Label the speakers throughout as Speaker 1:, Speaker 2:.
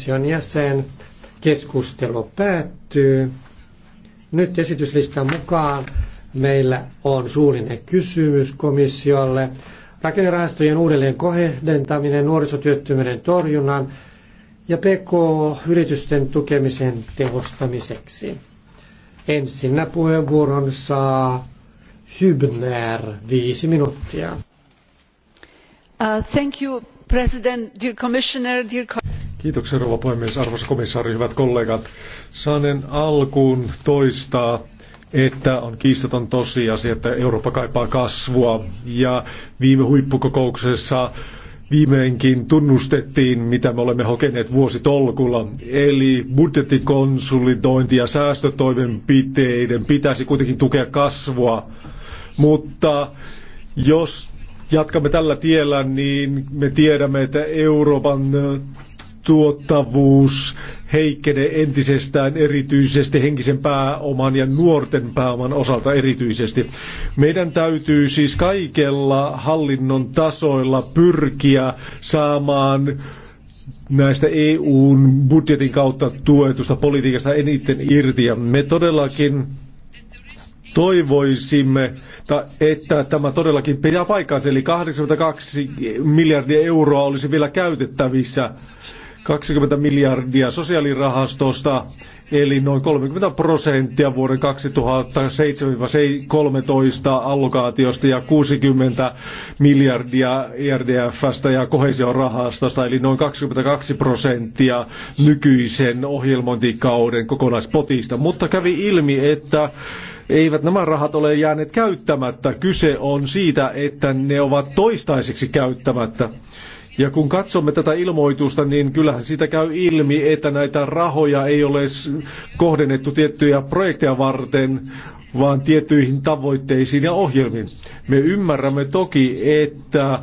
Speaker 1: komission jäsen. Keskustelu päättyy. Nyt esityslistan mukaan meillä on suullinen kysymys komissiolle. Rakennerahastojen uudelleen kohdentaminen nuorisotyöttömyyden torjunnan ja PK-yritysten tukemisen tehostamiseksi. Ensinnä puheenvuoron saa Hübner, viisi minuuttia. Uh, thank you, President, dear Commissioner, dear Kiitoksia
Speaker 2: rouva puhemies, arvoisa komissaari, hyvät kollegat. Saanen alkuun toistaa, että on kiistaton tosiasia, että Eurooppa kaipaa kasvua. Ja viime huippukokouksessa viimeinkin tunnustettiin, mitä me olemme hokeneet vuositolkulla. Eli budjettikonsolidointi ja säästötoimenpiteiden pitäisi kuitenkin tukea kasvua. Mutta jos jatkamme tällä tiellä, niin me tiedämme, että Euroopan tuottavuus heikkenee entisestään erityisesti henkisen pääoman ja nuorten pääoman osalta erityisesti. Meidän täytyy siis kaikella hallinnon tasoilla pyrkiä saamaan näistä EUn budjetin kautta tuetusta politiikasta eniten irti. Ja me todellakin toivoisimme, että tämä todellakin pitää paikkaansa, eli 82 miljardia euroa olisi vielä käytettävissä 20 miljardia sosiaalirahastosta, eli noin 30 prosenttia vuoden 2007-2013 allokaatiosta ja 60 miljardia ERDFstä ja kohesiorahastosta, eli noin 22 prosenttia nykyisen ohjelmointikauden kokonaispotista. Mutta kävi ilmi, että eivät nämä rahat ole jääneet käyttämättä. Kyse on siitä, että ne ovat toistaiseksi käyttämättä. Ja kun katsomme tätä ilmoitusta, niin kyllähän siitä käy ilmi, että näitä rahoja ei ole kohdennettu tiettyjä projekteja varten, vaan tiettyihin tavoitteisiin ja ohjelmiin. Me ymmärrämme toki, että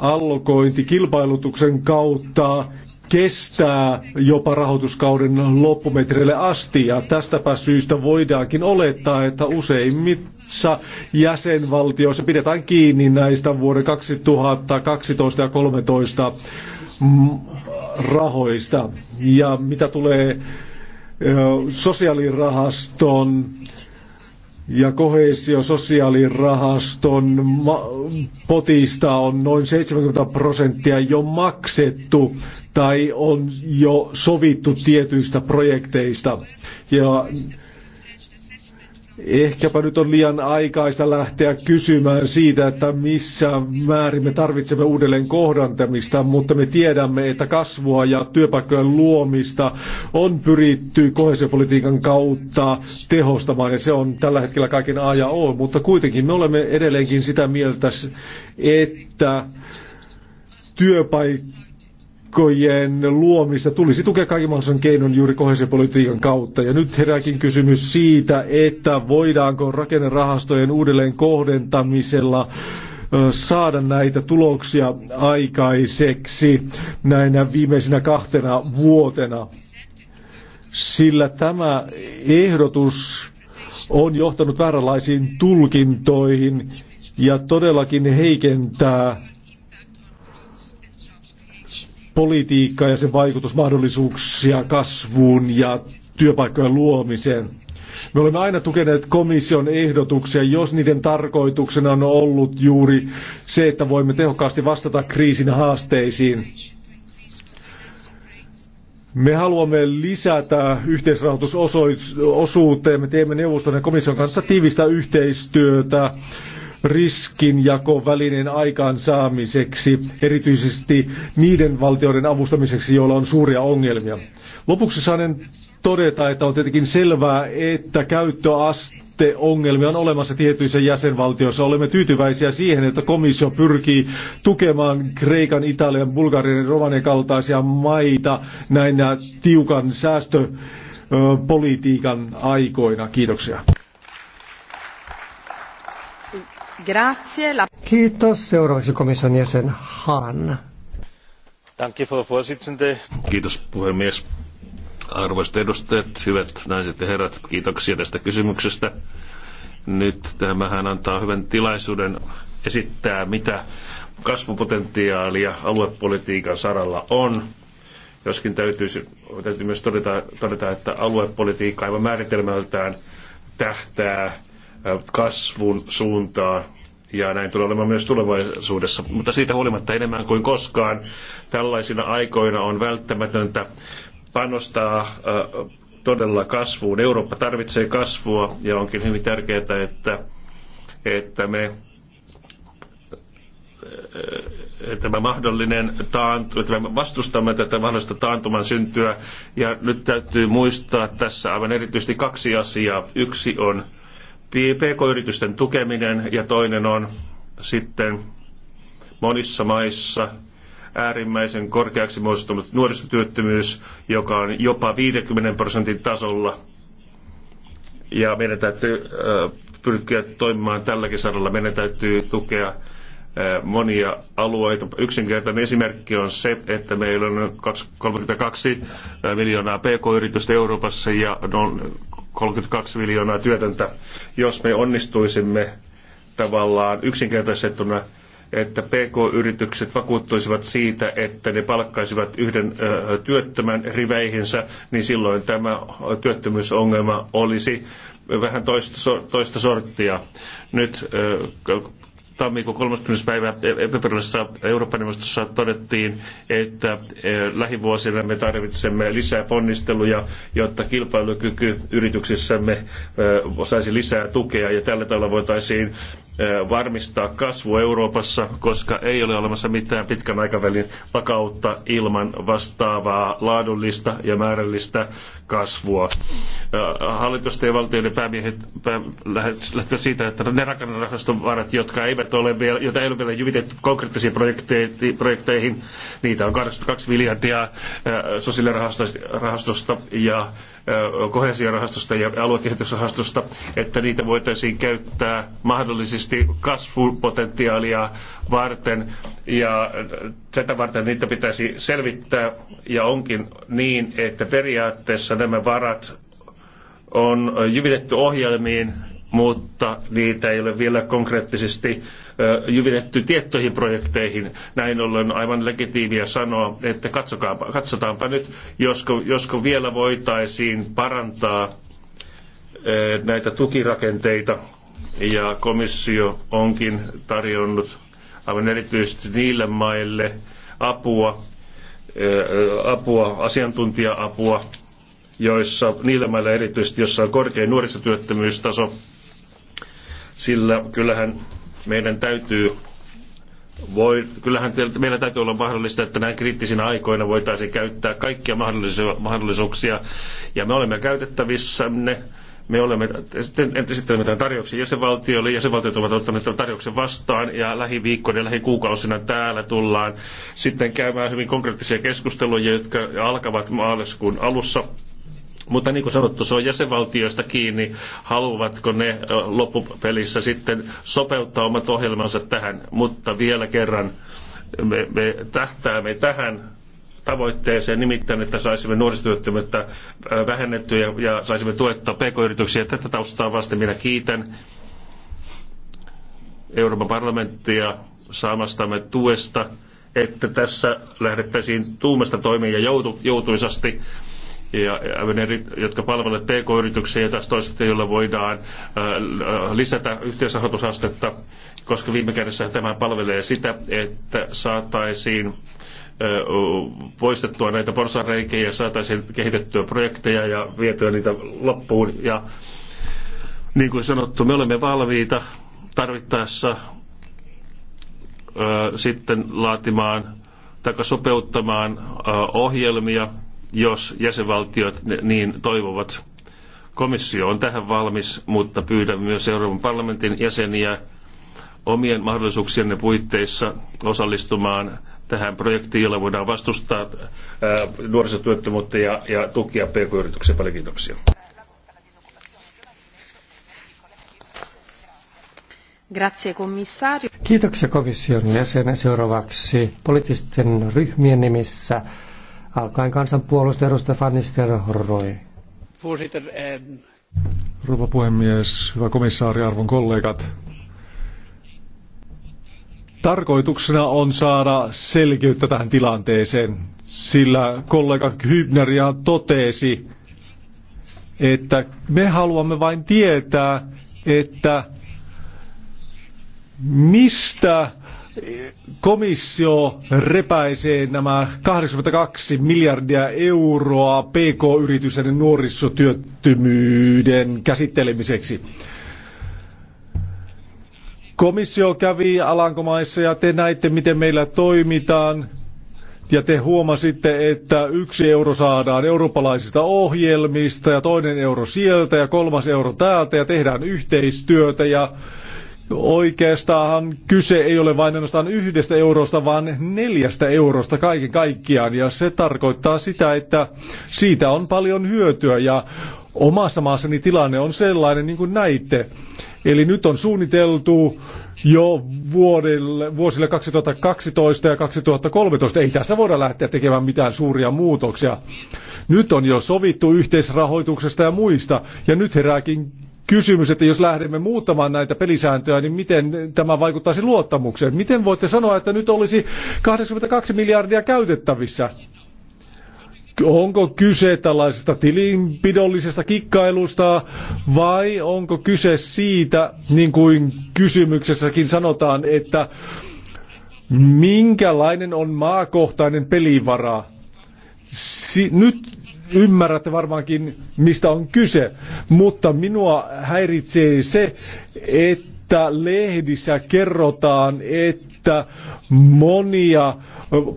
Speaker 2: allokointi kilpailutuksen kautta kestää jopa rahoituskauden loppumetreille asti ja tästäpä syystä voidaankin olettaa, että useimmissa jäsenvaltioissa pidetään kiinni näistä vuoden 2012 ja 2013 rahoista. Ja mitä tulee sosiaalirahaston ja kohesiososiaalirahaston potista on noin 70 prosenttia jo maksettu tai on jo sovittu tietyistä projekteista. Ja Ehkäpä nyt on liian aikaista lähteä kysymään siitä, että missä määrin me tarvitsemme uudelleen kohdantamista, mutta me tiedämme, että kasvua ja työpaikkojen luomista on pyritty kohesiopolitiikan kautta tehostamaan ja se on tällä hetkellä kaiken A ja O, mutta kuitenkin me olemme edelleenkin sitä mieltä, että työpaikka verkkojen luomista tulisi tukea kaiken mahdollisen keinon juuri kohesiopolitiikan kautta. Ja nyt herääkin kysymys siitä, että voidaanko rakennerahastojen uudelleen kohdentamisella saada näitä tuloksia aikaiseksi näinä viimeisinä kahtena vuotena. Sillä tämä ehdotus on johtanut vääränlaisiin tulkintoihin ja todellakin heikentää politiikkaa ja sen vaikutusmahdollisuuksia kasvuun ja työpaikkojen luomiseen. Me olemme aina tukeneet komission ehdotuksia, jos niiden tarkoituksena on ollut juuri se, että voimme tehokkaasti vastata kriisin haasteisiin. Me haluamme lisätä yhteisrahoitusosuuteen. Me teemme neuvoston ja komission kanssa tiivistä yhteistyötä riskinjakovälineen aikaansaamiseksi, erityisesti niiden valtioiden avustamiseksi, joilla on suuria ongelmia. Lopuksi saanen todeta, että on tietenkin selvää, että käyttöaste ongelmia on olemassa tietyissä jäsenvaltioissa. Olemme tyytyväisiä siihen, että komissio pyrkii tukemaan Kreikan, Italian, Bulgarian ja Romanian kaltaisia maita näinä tiukan säästöpolitiikan aikoina.
Speaker 1: Kiitoksia. Kiitos. Seuraavaksi komission jäsen Hahn.
Speaker 3: Danke, Frau Vorsitzende. Kiitos puhemies. Arvoisat edustajat, hyvät naiset ja herrat, kiitoksia tästä kysymyksestä. Nyt tämähän antaa hyvän tilaisuuden esittää, mitä kasvupotentiaalia aluepolitiikan saralla on. Joskin täytyy, täytyy myös todeta, todeta, että aluepolitiikka aivan määritelmältään tähtää kasvun suuntaa ja näin tulee olemaan myös tulevaisuudessa. Mutta siitä huolimatta enemmän kuin koskaan tällaisina aikoina on välttämätöntä panostaa todella kasvuun. Eurooppa tarvitsee kasvua ja onkin hyvin tärkeää, että, että me tämä mahdollinen taantu, että me vastustamme tätä mahdollista taantuman syntyä. Ja nyt täytyy muistaa tässä aivan erityisesti kaksi asiaa. Yksi on PK-yritysten tukeminen ja toinen on sitten monissa maissa äärimmäisen korkeaksi muodostunut nuorisotyöttömyys, joka on jopa 50 prosentin tasolla. Ja meidän täytyy äh, pyrkiä toimimaan tälläkin saralla. Meidän täytyy tukea äh, monia alueita. Yksinkertainen esimerkki on se, että meillä on 32 äh, miljoonaa pk-yritystä Euroopassa ja 32 miljoonaa työtöntä, jos me onnistuisimme tavallaan yksinkertaisettuna, että PK-yritykset vakuuttuisivat siitä, että ne palkkaisivat yhden ö, työttömän riveihinsä, niin silloin tämä työttömyysongelma olisi vähän toista, toista sorttia. Nyt tammikuun 30. päivä Epäperilaisessa Euroopan neuvostossa todettiin, että eh, lähivuosina me tarvitsemme lisää ponnisteluja, jotta kilpailukyky yrityksissämme eh, saisi lisää tukea ja tällä tavalla voitaisiin varmistaa kasvu Euroopassa, koska ei ole olemassa mitään pitkän aikavälin vakautta ilman vastaavaa laadullista ja määrällistä kasvua. Hallitusten ja valtioiden päämiehet lähtevät siitä, että ne rakennerahaston varat, jotka eivät ole vielä, joita ei ole vielä jyvitetty konkreettisiin projekteihin, niitä on kaksi miljardia sosiaalirahastosta ja kohesiorahastosta ja aluekehitysrahastosta, että niitä voitaisiin käyttää mahdollisesti erityisesti kasvupotentiaalia varten ja tätä varten niitä pitäisi selvittää ja onkin niin, että periaatteessa nämä varat on jyvitetty ohjelmiin, mutta niitä ei ole vielä konkreettisesti jyvitetty tiettyihin projekteihin. Näin ollen aivan legitiimiä sanoa, että katsokaanpa, katsotaanpa nyt, josko, josko vielä voitaisiin parantaa näitä tukirakenteita ja komissio onkin tarjonnut aivan erityisesti niille maille apua, apua asiantuntija-apua, joissa, niillä mailla erityisesti, jossa on korkein nuorisotyöttömyystaso, sillä kyllähän meidän täytyy voi, kyllähän meillä täytyy olla mahdollista, että näin kriittisinä aikoina voitaisiin käyttää kaikkia mahdollisuuksia, ja me olemme käytettävissämme, me olemme esittelemme tämän tarjouksen jäsenvaltioille, jäsenvaltiot ovat ottaneet tämän tarjouksen vastaan ja lähiviikkoina ja lähikuukausina täällä tullaan sitten käymään hyvin konkreettisia keskusteluja, jotka alkavat maaliskuun alussa. Mutta niin kuin sanottu, se on jäsenvaltioista kiinni, haluavatko ne loppupelissä sitten sopeuttaa omat ohjelmansa tähän, mutta vielä kerran me, me tähtäämme tähän tavoitteeseen, nimittäin että saisimme nuorisotyöttömyyttä äh, vähennettyä ja, ja saisimme tuettaa pk-yrityksiä. Tätä taustaa vasten minä kiitän Euroopan parlamenttia saamastamme tuesta, että tässä lähdettäisiin tuumasta toimia ja joutu, joutuisasti ja, jotka palvelevat PK-yrityksiä ja taas toisaalta, joilla voidaan äh, lisätä yhteisrahoitusastetta, koska viime kädessä tämä palvelee sitä, että saataisiin poistettua näitä porsareikiä ja saataisiin kehitettyä projekteja ja vietyä niitä loppuun. Ja niin kuin sanottu, me olemme valmiita tarvittaessa sitten laatimaan tai sopeuttamaan ohjelmia, jos jäsenvaltiot niin toivovat. Komissio on tähän valmis, mutta pyydän myös Euroopan parlamentin jäseniä omien mahdollisuuksienne puitteissa osallistumaan tähän projektiin, jolla voidaan vastustaa nuorisotyöttömyyttä ja, ja tukia pk-yrityksiä. Paljon kiitoksia.
Speaker 1: Grazie, komissaari. Kiitoksia komission jäsenen. Seuraavaksi poliittisten ryhmien nimissä alkaen kansanpuolusta edustaja Fannister Roy. Voorzitter, ehm, Rouva puhemies, hyvä komissaari, arvon kollegat.
Speaker 2: Tarkoituksena on saada selkeyttä tähän tilanteeseen, sillä kollega Hybner ja totesi, että me haluamme vain tietää, että mistä komissio repäisee nämä 82 miljardia euroa PK-yritysten nuorisotyöttömyyden käsittelemiseksi. Komissio kävi Alankomaissa ja te näitte, miten meillä toimitaan. Ja te huomasitte, että yksi euro saadaan eurooppalaisista ohjelmista ja toinen euro sieltä ja kolmas euro täältä ja tehdään yhteistyötä ja Oikeastaan kyse ei ole vain ainoastaan yhdestä eurosta, vaan neljästä eurosta kaiken kaikkiaan. Ja se tarkoittaa sitä, että siitä on paljon hyötyä. Ja omassa maassani tilanne on sellainen, niin kuin näitte, Eli nyt on suunniteltu jo vuodelle, vuosille 2012 ja 2013. Ei tässä voida lähteä tekemään mitään suuria muutoksia. Nyt on jo sovittu yhteisrahoituksesta ja muista, ja nyt herääkin kysymys, että jos lähdemme muuttamaan näitä pelisääntöjä, niin miten tämä vaikuttaisi luottamukseen? Miten voitte sanoa, että nyt olisi 82 miljardia käytettävissä? Onko kyse tällaisesta tilinpidollisesta kikkailusta vai onko kyse siitä, niin kuin kysymyksessäkin sanotaan, että minkälainen on maakohtainen pelivara? Si- nyt ymmärrätte varmaankin, mistä on kyse, mutta minua häiritsee se, että että lehdissä kerrotaan, että monia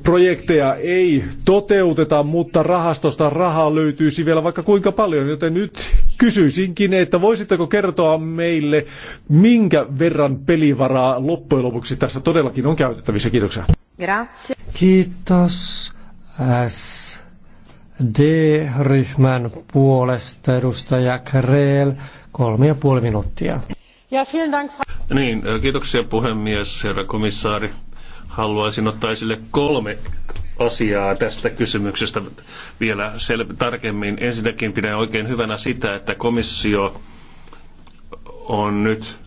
Speaker 2: projekteja ei toteuteta, mutta rahastosta rahaa löytyisi vielä vaikka kuinka paljon, joten nyt kysyisinkin, että voisitteko kertoa meille, minkä verran pelivaraa loppujen lopuksi tässä todellakin on käytettävissä. Kiitoksia.
Speaker 1: Grazie. Kiitos. S. D-ryhmän puolesta edustaja Kreel, kolme ja puoli minuuttia. Ja,
Speaker 3: Niin, äh, kiitoksia puhemies, herra komissaari. Haluaisin ottaa esille kolme asiaa tästä kysymyksestä vielä sel- tarkemmin. Ensinnäkin pidän oikein hyvänä sitä, että komissio on nyt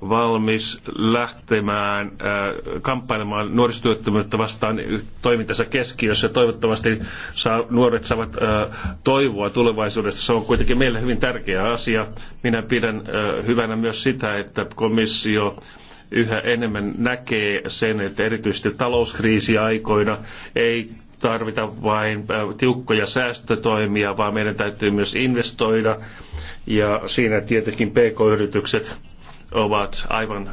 Speaker 3: valmis lähtemään äh, kamppailemaan nuorisotyöttömyyttä vastaan toimintansa keskiössä. Toivottavasti saa, nuoret saavat äh, toivoa tulevaisuudesta. Se on kuitenkin meille hyvin tärkeä asia. Minä pidän äh, hyvänä myös sitä, että komissio yhä enemmän näkee sen, että erityisesti talouskriisiaikoina ei tarvita vain äh, tiukkoja säästötoimia, vaan meidän täytyy myös investoida. Ja siinä tietenkin pk-yritykset ovat aivan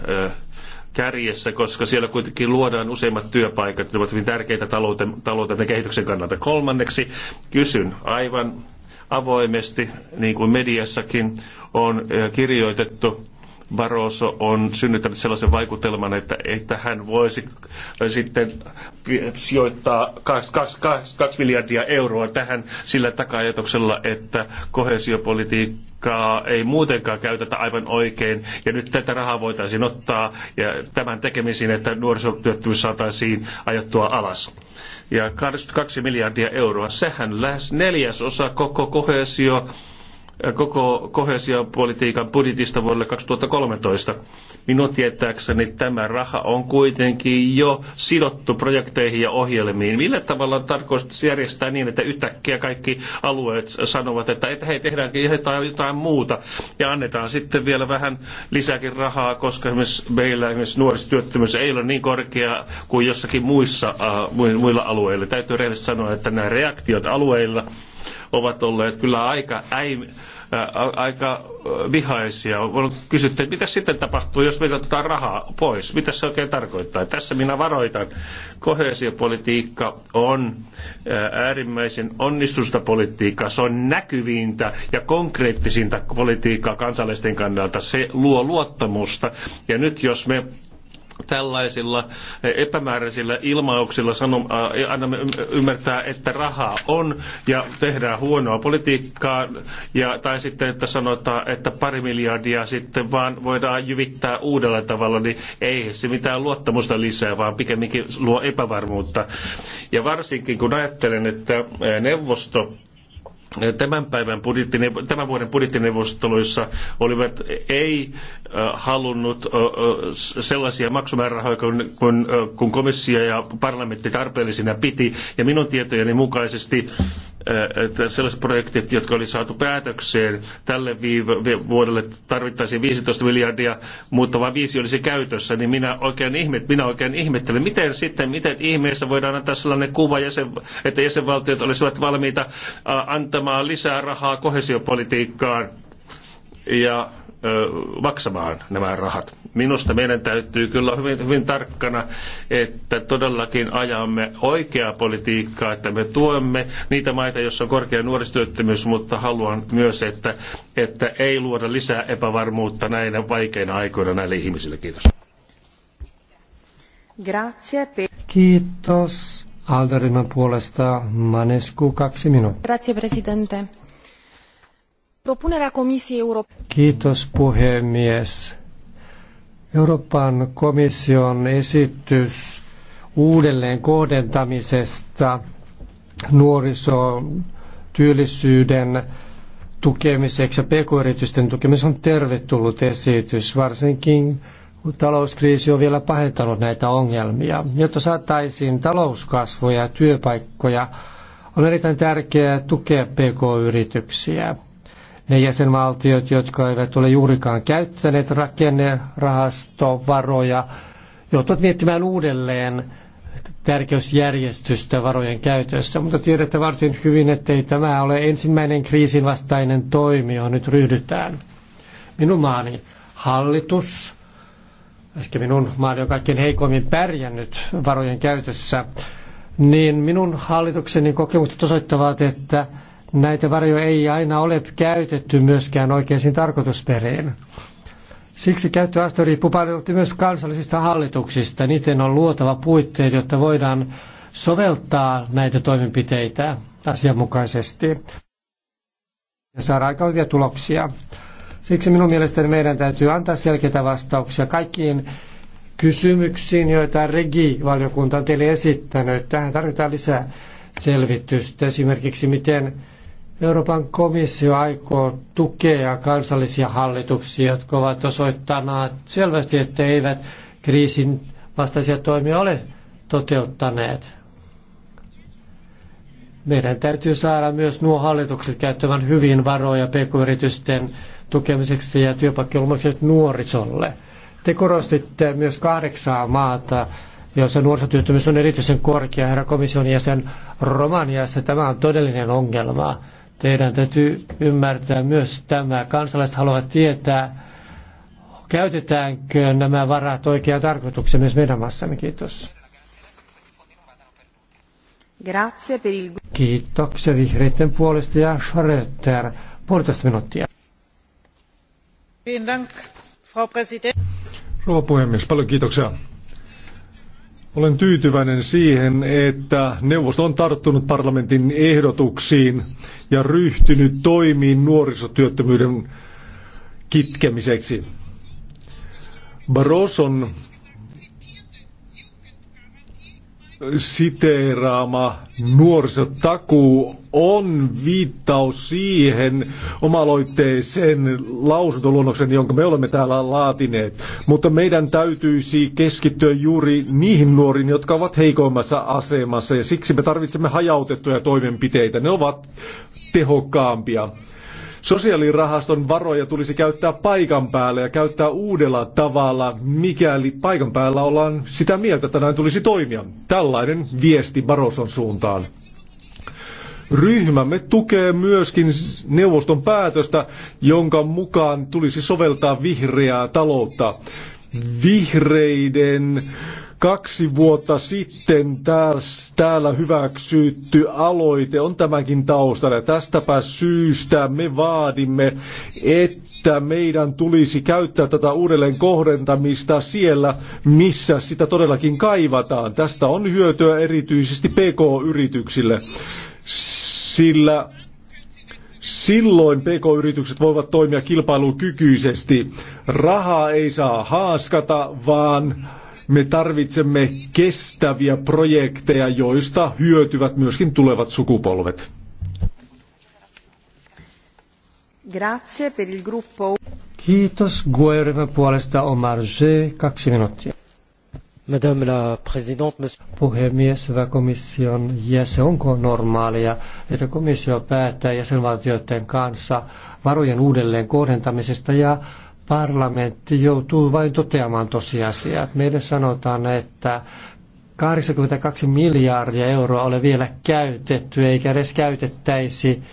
Speaker 3: kärjessä, koska siellä kuitenkin luodaan useimmat työpaikat, ne ovat hyvin tärkeitä taloutemme ja kehityksen kannalta. Kolmanneksi kysyn aivan avoimesti, niin kuin mediassakin on kirjoitettu, Barroso on synnyttänyt sellaisen vaikutelman, että, että hän voisi äh, sitten sijoittaa 2 miljardia euroa tähän sillä taka että kohesiopolitiikkaa ei muutenkaan käytetä aivan oikein. Ja nyt tätä rahaa voitaisiin ottaa ja tämän tekemisiin, että nuorisotyöttömyys saataisiin ajattua alas. Ja 22 miljardia euroa, sehän lähes neljäsosa koko kohesio koko kohesiopolitiikan budjetista vuodelle 2013. Minun tietääkseni tämä raha on kuitenkin jo sidottu projekteihin ja ohjelmiin. Millä tavalla on tarkoitus järjestää niin, että yhtäkkiä kaikki alueet sanovat, että hei, tehdäänkin jotain, jotain muuta ja annetaan sitten vielä vähän lisääkin rahaa, koska esimerkiksi meillä esimerkiksi nuorisotyöttömyys ei ole niin korkea kuin jossakin muissa, äh, muilla alueilla. Täytyy rehellisesti sanoa, että nämä reaktiot alueilla ovat olleet kyllä aika, äi, ää, aika vihaisia. On kysytty, että mitä sitten tapahtuu, jos meiltä otetaan rahaa pois? Mitä se oikein tarkoittaa? Tässä minä varoitan. Kohesiopolitiikka on äärimmäisen onnistusta politiikkaa. Se on näkyvintä ja konkreettisinta politiikkaa kansalaisten kannalta. Se luo luottamusta. Ja nyt jos me tällaisilla epämääräisillä ilmauksilla sanom, annamme ymmärtää, että rahaa on ja tehdään huonoa politiikkaa, ja, tai sitten, että sanotaan, että pari miljardia sitten vaan voidaan jyvittää uudella tavalla, niin ei se mitään luottamusta lisää, vaan pikemminkin luo epävarmuutta. Ja varsinkin kun ajattelen, että neuvosto tämän päivän budjettineuvot, tämän vuoden budjettineuvosteluissa olivat ei halunnut sellaisia maksumäärärahoja kuin, kun kun komissio ja parlamentti tarpeellisina piti. Ja minun tietojeni mukaisesti sellaiset projektit, jotka oli saatu päätökseen tälle vuodelle tarvittaisiin 15 miljardia, mutta vain viisi olisi käytössä, niin minä oikein, ihmet, minä oikein ihmettelen, miten sitten, miten ihmeessä voidaan antaa sellainen kuva, jäsen, että jäsenvaltiot olisivat valmiita antamaan lisää rahaa kohesiopolitiikkaan. Ja maksamaan nämä rahat. Minusta meidän täytyy kyllä olla hyvin, hyvin tarkkana, että todellakin ajamme oikeaa politiikkaa, että me tuemme niitä maita, joissa on korkea nuorisotyöttömyys, mutta haluan myös, että, että ei luoda lisää epävarmuutta näinä vaikeina aikoina näille ihmisille. Kiitos.
Speaker 1: Kiitos. Alderyhmän puolesta Manesku kaksi minuuttia. Grazie, presidente. Propunerea Comisiei Europene. Kiitos puhemies. Euroopan komission esitys uudelleen kohdentamisesta nuorison työllisyyden tukemiseksi ja pk-yritysten tukemiseksi on tervetullut esitys, varsinkin kun talouskriisi on vielä pahentanut näitä ongelmia. Jotta saataisiin talouskasvua ja työpaikkoja, on erittäin tärkeää tukea pk-yrityksiä ne jäsenvaltiot, jotka eivät ole juurikaan käyttäneet rakennerahastovaroja, joutuvat miettimään uudelleen tärkeysjärjestystä varojen käytössä. Mutta tiedätte varsin hyvin, että ei tämä ole ensimmäinen kriisin vastainen toimi, johon nyt ryhdytään. Minun maani hallitus, ehkä minun maani on kaikkein heikoimmin pärjännyt varojen käytössä, niin minun hallitukseni kokemukset osoittavat, että näitä varjoja ei aina ole käytetty myöskään oikeisiin tarkoitusperiin. Siksi käyttöaste riippuu paljon myös kansallisista hallituksista. Niiden on luotava puitteet, jotta voidaan soveltaa näitä toimenpiteitä asianmukaisesti ja saada aika hyviä tuloksia. Siksi minun mielestäni meidän täytyy antaa selkeitä vastauksia kaikkiin kysymyksiin, joita Regi-valiokunta on teille esittänyt. Tähän tarvitaan lisää selvitystä, esimerkiksi miten Euroopan komissio aikoo tukea kansallisia hallituksia, jotka ovat osoittaneet selvästi, että eivät kriisin vastaisia toimia ole toteuttaneet. Meidän täytyy saada myös nuo hallitukset käyttämään hyvin varoja pk-yritysten tukemiseksi ja työpaikkojen nuorisolle. Te korostitte myös kahdeksaa maata, joissa nuorisotyöttömyys on erityisen korkea. Herra komission jäsen Romaniassa tämä on todellinen ongelma Teidän täytyy ymmärtää myös tämä. Kansalaiset haluavat tietää, käytetäänkö nämä varat oikeaan tarkoitukseen myös meidän maassamme. Kiitos. Grazie per il... Kiitoksia vihreiden puolesta ja Schröter. Puolitoista minuuttia. Rouva puhemies, paljon kiitoksia.
Speaker 2: Olen tyytyväinen siihen, että neuvosto on tarttunut parlamentin ehdotuksiin ja ryhtynyt toimiin nuorisotyöttömyyden kitkemiseksi. Barroson siteeraama nuorisotakuu on viittaus siihen omaloitteeseen lausuntoluonnoksen, jonka me olemme täällä laatineet. Mutta meidän täytyisi keskittyä juuri niihin nuoriin, jotka ovat heikoimmassa asemassa, ja siksi me tarvitsemme hajautettuja toimenpiteitä. Ne ovat tehokkaampia. Sosiaalirahaston varoja tulisi käyttää paikan päällä ja käyttää uudella tavalla, mikäli paikan päällä ollaan sitä mieltä, että näin tulisi toimia. Tällainen viesti Baroson suuntaan. Ryhmämme tukee myöskin neuvoston päätöstä, jonka mukaan tulisi soveltaa vihreää taloutta. Vihreiden Kaksi vuotta sitten täällä hyväksytty aloite on tämäkin taustalla. Tästäpä syystä me vaadimme, että meidän tulisi käyttää tätä uudelleen kohdentamista siellä, missä sitä todellakin kaivataan. Tästä on hyötyä erityisesti PK-yrityksille, sillä Silloin pk-yritykset voivat toimia kilpailukykyisesti. Rahaa ei saa haaskata, vaan me tarvitsemme kestäviä projekteja, joista hyötyvät myöskin tulevat sukupolvet.
Speaker 1: Grazie per il gruppo. Kiitos Guerryhmän puolesta Omar G. Kaksi minuuttia. Madame la présidente, monsieur... Puhemies, hyvä komission jäsen, onko normaalia, että komissio päättää jäsenvaltioiden kanssa varojen uudelleen kohdentamisesta ja parlamentti joutuu vain toteamaan tosiasiat. Meille sanotaan, että 82 miljardia euroa ole vielä käytetty, eikä edes käytettäisi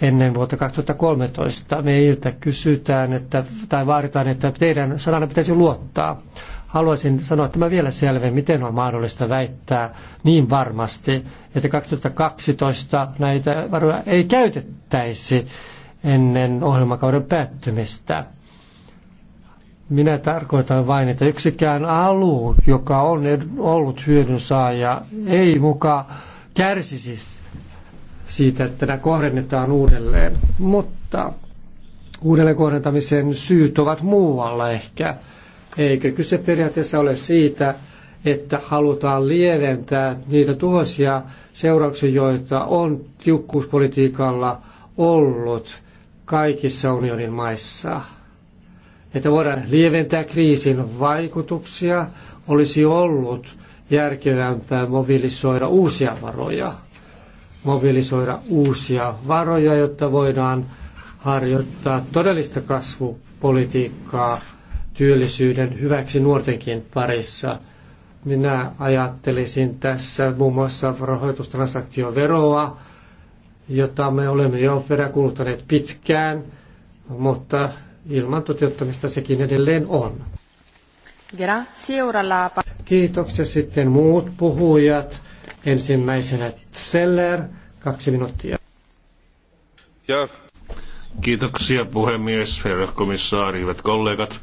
Speaker 1: ennen vuotta 2013. Meiltä kysytään että, tai vaaditaan, että teidän sanana pitäisi luottaa. Haluaisin sanoa tämä vielä selvemmin, miten on mahdollista väittää niin varmasti, että 2012 näitä varoja ei käytettäisi ennen ohjelmakauden päättymistä. Minä tarkoitan vain, että yksikään alu, joka on ollut hyödyn saaja, ei muka kärsisi siitä, että nämä kohdennetaan uudelleen. Mutta uudelleen kohdentamisen syyt ovat muualla ehkä. Eikö kyse periaatteessa ole siitä, että halutaan lieventää niitä tuhoisia seurauksia, joita on tiukkuuspolitiikalla ollut kaikissa unionin maissa että voidaan lieventää kriisin vaikutuksia, olisi ollut järkevämpää mobilisoida uusia varoja. Mobilisoida uusia varoja, jotta voidaan harjoittaa todellista kasvupolitiikkaa työllisyyden hyväksi nuortenkin parissa. Minä ajattelisin tässä muun muassa rahoitustransaktioveroa, jota me olemme jo peräkuluttaneet pitkään, mutta ilman toteuttamista sekin edelleen on. Kiitoksia sitten muut puhujat. Ensimmäisenä Zeller, kaksi minuuttia.
Speaker 3: Ja. Kiitoksia puhemies, herra komissaari, hyvät kollegat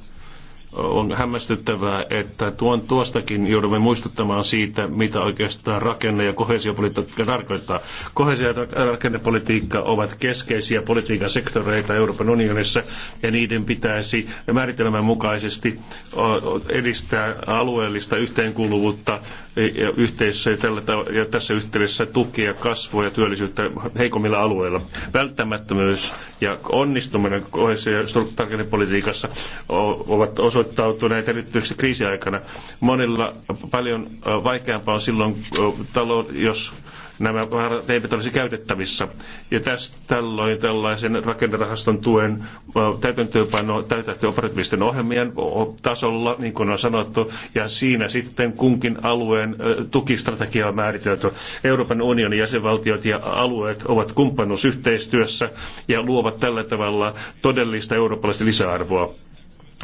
Speaker 3: on hämmästyttävää, että tuon tuostakin joudumme muistuttamaan siitä, mitä oikeastaan rakenne- ja kohesiopolitiikka tarkoittaa. Kohesio- ja rakennepolitiikka ovat keskeisiä politiikan sektoreita Euroopan unionissa, ja niiden pitäisi määritelmän mukaisesti edistää alueellista yhteenkuuluvuutta e, ja yhteisössä ja, tällä, ja tässä yhteydessä tukea kasvua ja työllisyyttä heikommilla alueilla. Välttämättömyys ja onnistuminen kohesio- ja rakennepolitiikassa ovat osoittaneet, osoittautuneet erityisesti kriisiaikana. Monilla paljon vaikeampaa on silloin, jos nämä varat eivät olisi käytettävissä. Ja tästä tällöin tällaisen rakennerahaston tuen täytäntöönpano täytäytyy operatiivisten ohjelmien tasolla, niin kuin on sanottu, ja siinä sitten kunkin alueen tukistrategia on määritelty. Euroopan unionin jäsenvaltiot ja alueet ovat kumppanuusyhteistyössä ja luovat tällä tavalla todellista eurooppalaista lisäarvoa.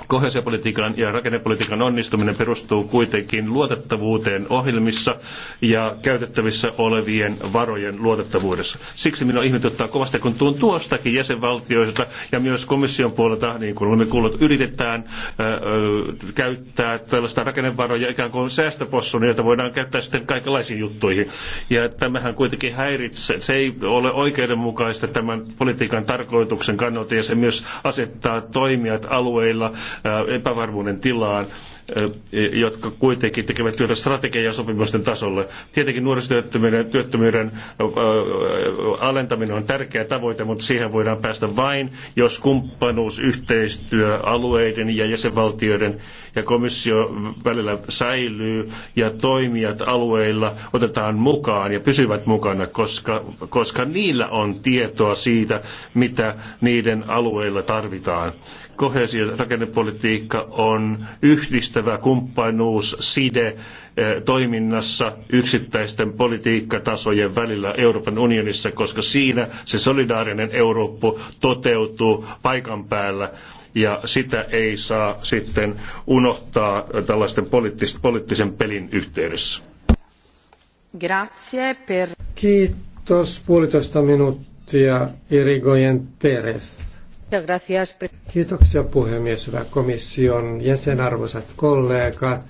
Speaker 3: Kohesiopolitiikan ja rakennepolitiikan onnistuminen perustuu kuitenkin luotettavuuteen ohjelmissa ja käytettävissä olevien varojen luotettavuudessa. Siksi minua ihmetyttää kovasti, kun tuun tuostakin jäsenvaltioista ja myös komission puolelta, niin kuin olemme kuulleet, yritetään käyttää tällaista rakennevaroja ikään kuin säästöpossun, jota voidaan käyttää sitten kaikenlaisiin juttuihin. Ja tämähän kuitenkin häiritsee. Se ei ole oikeudenmukaista tämän politiikan tarkoituksen kannalta ja se myös asettaa toimijat alueilla epävarmuuden tilaan, e, jotka kuitenkin tekevät työtä strategia- ja sopimusten tasolle. Tietenkin nuorisotyöttömyyden työttömyyden alentaminen on tärkeä tavoite, mutta siihen voidaan päästä vain, jos kumppanuus, yhteistyö alueiden ja jäsenvaltioiden ja komissio välillä säilyy ja toimijat alueilla otetaan mukaan ja pysyvät mukana, koska, koska niillä on tietoa siitä, mitä niiden alueilla tarvitaan kohesio- rakennepolitiikka on yhdistävä kumppanuus, side eh, toiminnassa yksittäisten politiikkatasojen välillä Euroopan unionissa, koska siinä se solidaarinen Eurooppa toteutuu paikan päällä ja sitä ei saa sitten unohtaa tällaisten poliittisen pelin
Speaker 1: yhteydessä. Grazie per... Kiitos puolitoista minuuttia Irigoyen Perez. Kiitoksia puhemies, hyvä komission arvoisat kollegat.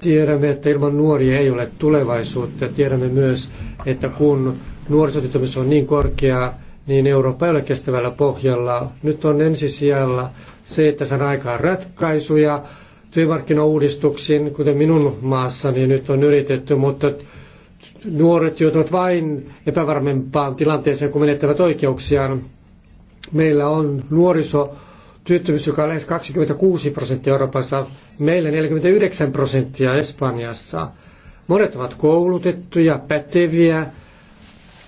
Speaker 1: Tiedämme, että ilman nuoria ei ole tulevaisuutta. Tiedämme myös, että kun nuorisotyöttömyys on niin korkea, niin Eurooppa ei ole kestävällä pohjalla. Nyt on ensisijalla se, että saadaan aikaan ratkaisuja työmarkkinauudistuksiin, kuten minun maassani nyt on yritetty, mutta nuoret joutuvat vain epävarmempaan tilanteeseen, kun menettävät oikeuksiaan. Meillä on nuorisotyöttömyys, joka on lähes 26 prosenttia Euroopassa, meillä 49 prosenttia Espanjassa. Monet ovat koulutettuja, päteviä,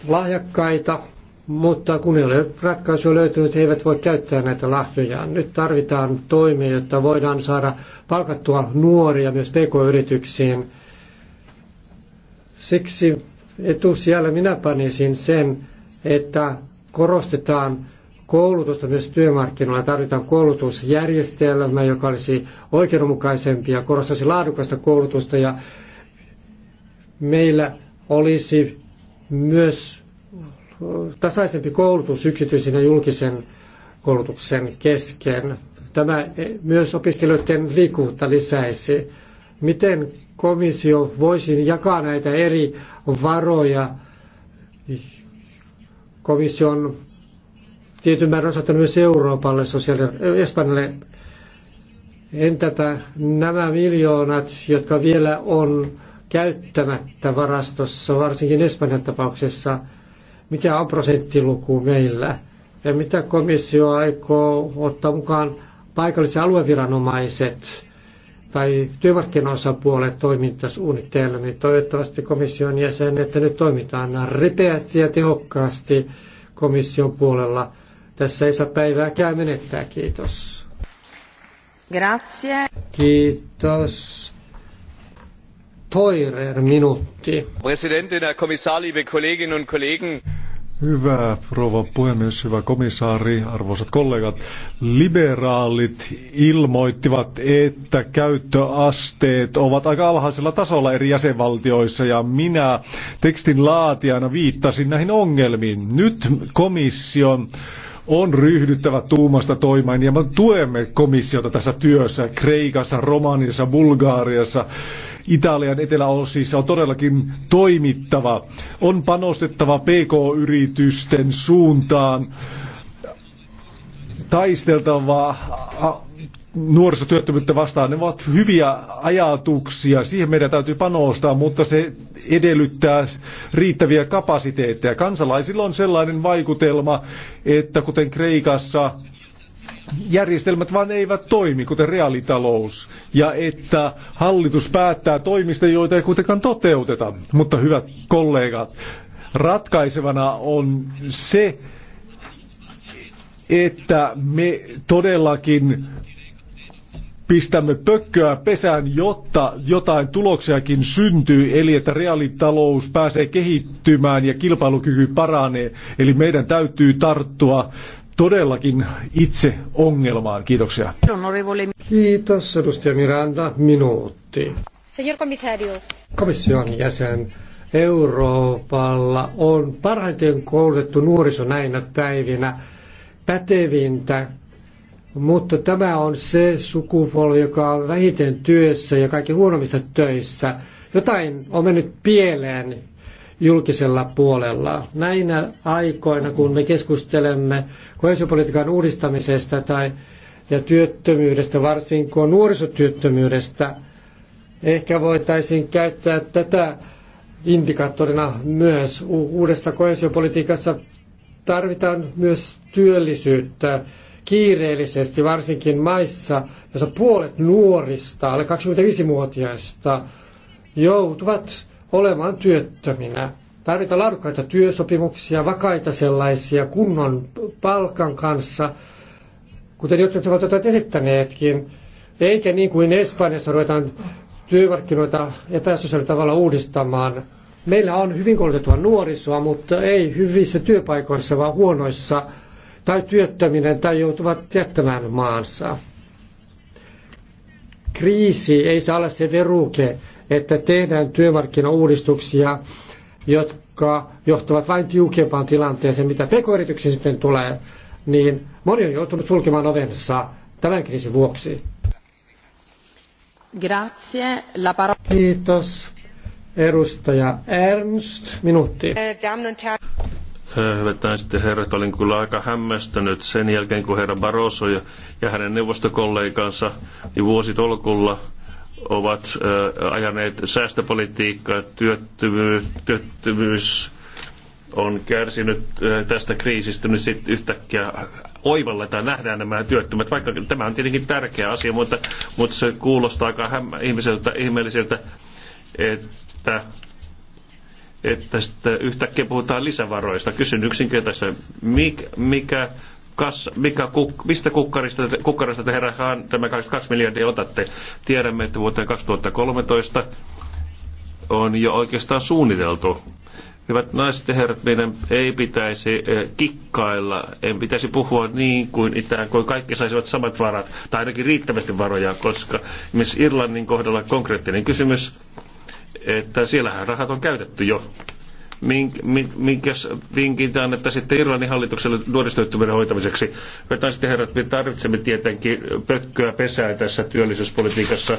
Speaker 1: lahjakkaita, mutta kun ei ole ratkaisua löytynyt, he eivät voi käyttää näitä lahjojaan. Nyt tarvitaan toimia, jotta voidaan saada palkattua nuoria myös pk-yrityksiin. Siksi etusijalle minä panisin sen, että korostetaan koulutusta myös työmarkkinoilla. Tarvitaan koulutusjärjestelmä, joka olisi oikeudenmukaisempi ja korostaisi laadukasta koulutusta. Ja meillä olisi myös tasaisempi koulutus yksityisen ja julkisen koulutuksen kesken. Tämä myös opiskelijoiden liikkuvuutta lisäisi. Miten komissio voisi jakaa näitä eri varoja komission tietyn määrän osalta myös Euroopalle, sosiaali- äh, Espanjalle. Entäpä nämä miljoonat, jotka vielä on käyttämättä varastossa, varsinkin Espanjan tapauksessa, mikä on prosenttiluku meillä? Ja mitä komissio aikoo ottaa mukaan paikallisen alueviranomaiset tai työmarkkinaosapuolet toimintasuunnitelmiin? Toivottavasti komission jäsen, että nyt toimitaan ripeästi ja tehokkaasti komission puolella tässä ei saa päivääkään menettää. Kiitos.
Speaker 3: Grazie.
Speaker 1: Kiitos. Teurer minuutti.
Speaker 2: Präsidentin, Herr Kommissar, liebe Kolleginnen und Kollegen. Hyvä rouva puhemies, hyvä komissaari, arvoisat kollegat. Liberaalit ilmoittivat, että käyttöasteet ovat aika alhaisella tasolla eri jäsenvaltioissa ja minä tekstin laatijana viittasin näihin ongelmiin. Nyt komission on ryhdyttävä tuumasta toimaan ja me tuemme komissiota tässä työssä Kreikassa, Romaniassa, Bulgaariassa, Italian eteläosissa on todellakin toimittava. On panostettava PK-yritysten suuntaan taisteltava nuorisotyöttömyyttä vastaan. Ne ovat hyviä ajatuksia, siihen meidän täytyy panostaa, mutta se edellyttää riittäviä kapasiteetteja. Kansalaisilla on sellainen vaikutelma, että kuten Kreikassa järjestelmät vaan eivät toimi, kuten reaalitalous, ja että hallitus päättää toimista, joita ei kuitenkaan toteuteta. Mutta hyvät kollegat, ratkaisevana on se, että me todellakin pistämme pökköä pesään, jotta jotain tuloksiakin syntyy, eli että reaalitalous pääsee kehittymään ja kilpailukyky paranee. Eli meidän täytyy tarttua todellakin itse ongelmaan. Kiitoksia.
Speaker 1: Kiitos, edustaja Miranda. Minuutti.
Speaker 3: Señor komissario.
Speaker 1: Komission jäsen. Euroopalla on parhaiten koulutettu nuoriso näinä päivinä pätevintä mutta tämä on se sukupolvi, joka on vähiten työssä ja kaikki huonommissa töissä. Jotain on mennyt pieleen julkisella puolella. Näinä aikoina, kun me keskustelemme kohesiopolitiikan uudistamisesta tai ja työttömyydestä, varsinkin nuorisotyöttömyydestä, ehkä voitaisiin käyttää tätä indikaattorina myös uudessa kohesiopolitiikassa tarvitaan myös työllisyyttä kiireellisesti, varsinkin maissa, jossa puolet nuorista, alle 25-vuotiaista, joutuvat olemaan työttöminä. Tarvitaan laadukkaita työsopimuksia, vakaita sellaisia, kunnon palkan kanssa, kuten jotkut ovat esittäneetkin, eikä niin kuin Espanjassa ruvetaan työmarkkinoita epäsosiaalisella tavalla uudistamaan. Meillä on hyvin koulutettua nuorisoa, mutta ei hyvissä työpaikoissa, vaan huonoissa tai työttöminen tai joutuvat jättämään maansa. Kriisi ei saa olla se veruke, että tehdään työmarkkinauudistuksia, jotka johtavat vain tiukempaan tilanteeseen, mitä pk sitten tulee, niin moni on joutunut sulkemaan ovensa tämän kriisin vuoksi. Grazie. La paro- Kiitos. Edustaja Ernst, minuutti. Eh, Hyvät
Speaker 3: sitten herrat, olin kyllä aika hämmästynyt sen jälkeen, kun herra Barroso ja, ja hänen neuvostokollegansa niin vuositolkulla ovat äh, ajaneet säästöpolitiikkaa, työttömyys, työttömyys on kärsinyt tästä kriisistä, niin sitten yhtäkkiä oivalletaan, nähdään nämä työttömät, vaikka tämä on tietenkin tärkeä asia, mutta, mutta se kuulostaa aika hämmä, ihmiseltä, ihmeelliseltä, että että sitten yhtäkkiä puhutaan lisävaroista. Kysyn yksinkertaisesti, mikä, mikä, kas, mikä kuk, mistä kukkarista, kukkarista te herra tämä 22 miljardia otatte? Tiedämme, että vuoteen 2013 on jo oikeastaan suunniteltu. Hyvät naiset ja herrat, meidän ei pitäisi eh, kikkailla, en pitäisi puhua niin kuin itään, kuin kaikki saisivat samat varat, tai ainakin riittävästi varoja, koska missä Irlannin kohdalla konkreettinen kysymys, että siellähän rahat on käytetty jo. Mink, mink, minkäs vinkin te annatte sitten Irlannin hallitukselle nuorisotyöttömyyden hoitamiseksi? Hyvät sitten herrat, me tarvitsemme tietenkin pökköä pesää tässä työllisyyspolitiikassa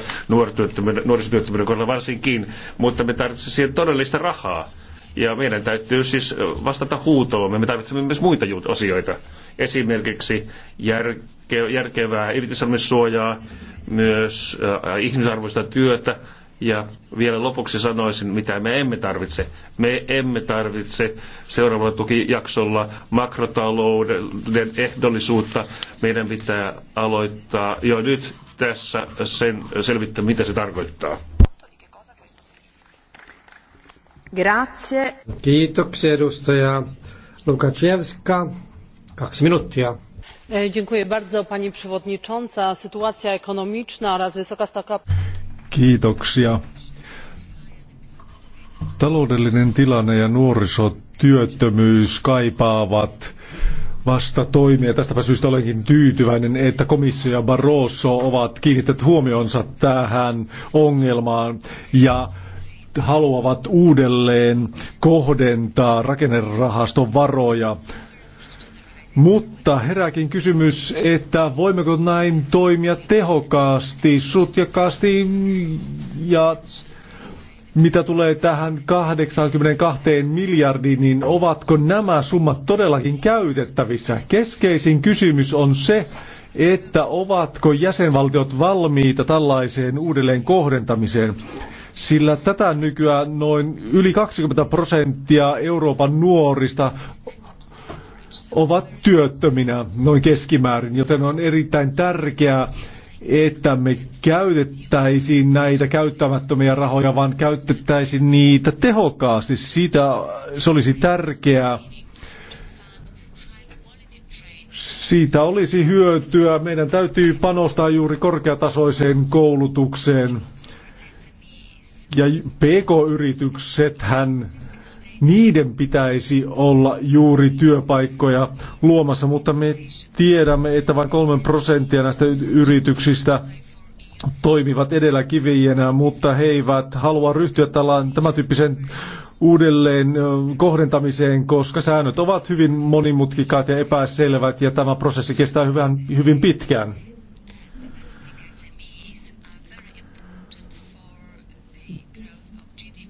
Speaker 3: nuorisotyöttömyyden kohdalla varsinkin, mutta me tarvitsemme siihen todellista rahaa. Ja meidän täytyy siis vastata huutoon. Me tarvitsemme myös muita osioita. Esimerkiksi järke, järkevää irtisanomissuojaa, myös äh, ihmisarvoista työtä, ja vielä lopuksi sanoisin, mitä me emme tarvitse. Me emme tarvitse seuraavalla tukijaksolla makrotalouden ehdollisuutta. Meidän pitää aloittaa jo nyt tässä sen selvittää, mitä se tarkoittaa.
Speaker 1: Grazie. Kiitoksia edustaja Lukaczewska. Kaksi minuuttia e, Dziękuję bardzo pani przewodnicząca! sytuacja ekonomiczna oraz wysoka stopa
Speaker 2: Kiitoksia. Taloudellinen tilanne ja nuorisotyöttömyys kaipaavat vasta toimia. Tästäpä syystä olenkin tyytyväinen, että komissio ja Barroso ovat kiinnittäneet huomionsa tähän ongelmaan ja haluavat uudelleen kohdentaa rakennerahaston varoja mutta herääkin kysymys, että voimmeko näin toimia tehokkaasti, sutjakkaasti ja mitä tulee tähän 82 miljardiin, niin ovatko nämä summat todellakin käytettävissä? Keskeisin kysymys on se, että ovatko jäsenvaltiot valmiita tällaiseen uudelleen kohdentamiseen, sillä tätä nykyään noin yli 20 prosenttia Euroopan nuorista ovat työttöminä noin keskimäärin, joten on erittäin tärkeää, että me käytettäisiin näitä käyttämättömiä rahoja, vaan käytettäisiin niitä tehokkaasti. Siitä se olisi tärkeää. Siitä olisi hyötyä. Meidän täytyy panostaa juuri korkeatasoiseen koulutukseen. Ja PK-yrityksethän hän niiden pitäisi olla juuri työpaikkoja luomassa, mutta me tiedämme, että vain kolmen prosenttia näistä yrityksistä toimivat edellä kivijänä, mutta he eivät halua ryhtyä tällaan, tämän tyyppisen uudelleen kohdentamiseen, koska säännöt ovat hyvin monimutkikaat ja epäselvät ja tämä prosessi kestää hyvän, hyvin pitkään.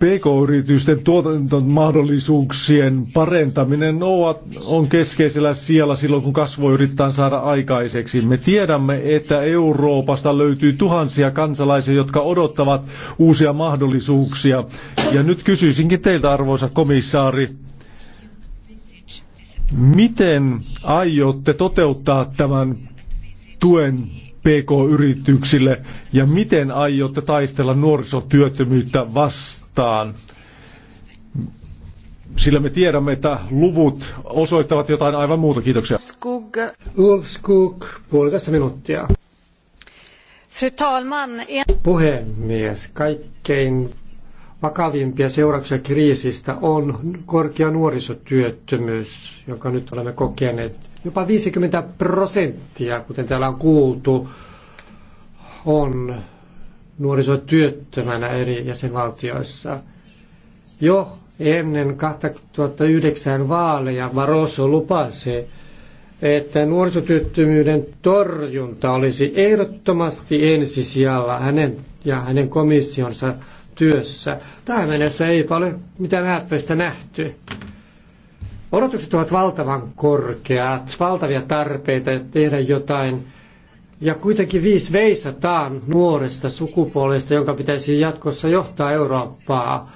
Speaker 2: PK-yritysten tuotantomahdollisuuksien parentaminen ovat, on keskeisellä siellä silloin, kun kasvua yrittää saada aikaiseksi. Me tiedämme, että Euroopasta löytyy tuhansia kansalaisia, jotka odottavat uusia mahdollisuuksia. Ja nyt kysyisinkin teiltä, arvoisa komissaari, miten aiotte toteuttaa tämän tuen PK-yrityksille ja miten aiotte taistella nuorisotyöttömyyttä vastaan? Sillä me tiedämme, että luvut osoittavat
Speaker 1: jotain aivan muuta. Kiitoksia. Skog. Ulf Skog, puolitoista minuuttia. Fru talman. Puhemies, kaikkein vakavimpia seurauksia kriisistä on korkea nuorisotyöttömyys, jonka nyt olemme kokeneet Jopa 50 prosenttia, kuten täällä on kuultu, on nuorisotyöttömänä eri jäsenvaltioissa. Jo ennen 2009 vaaleja Varoso lupasi, että nuorisotyöttömyyden torjunta olisi ehdottomasti ensisijalla hänen ja hänen komissionsa työssä. Tähän mennessä ei paljon mitään häppöistä nähty. Odotukset ovat valtavan korkeat, valtavia tarpeita tehdä jotain. Ja kuitenkin viis veisataan nuoresta sukupolvesta, jonka pitäisi jatkossa johtaa Eurooppaa.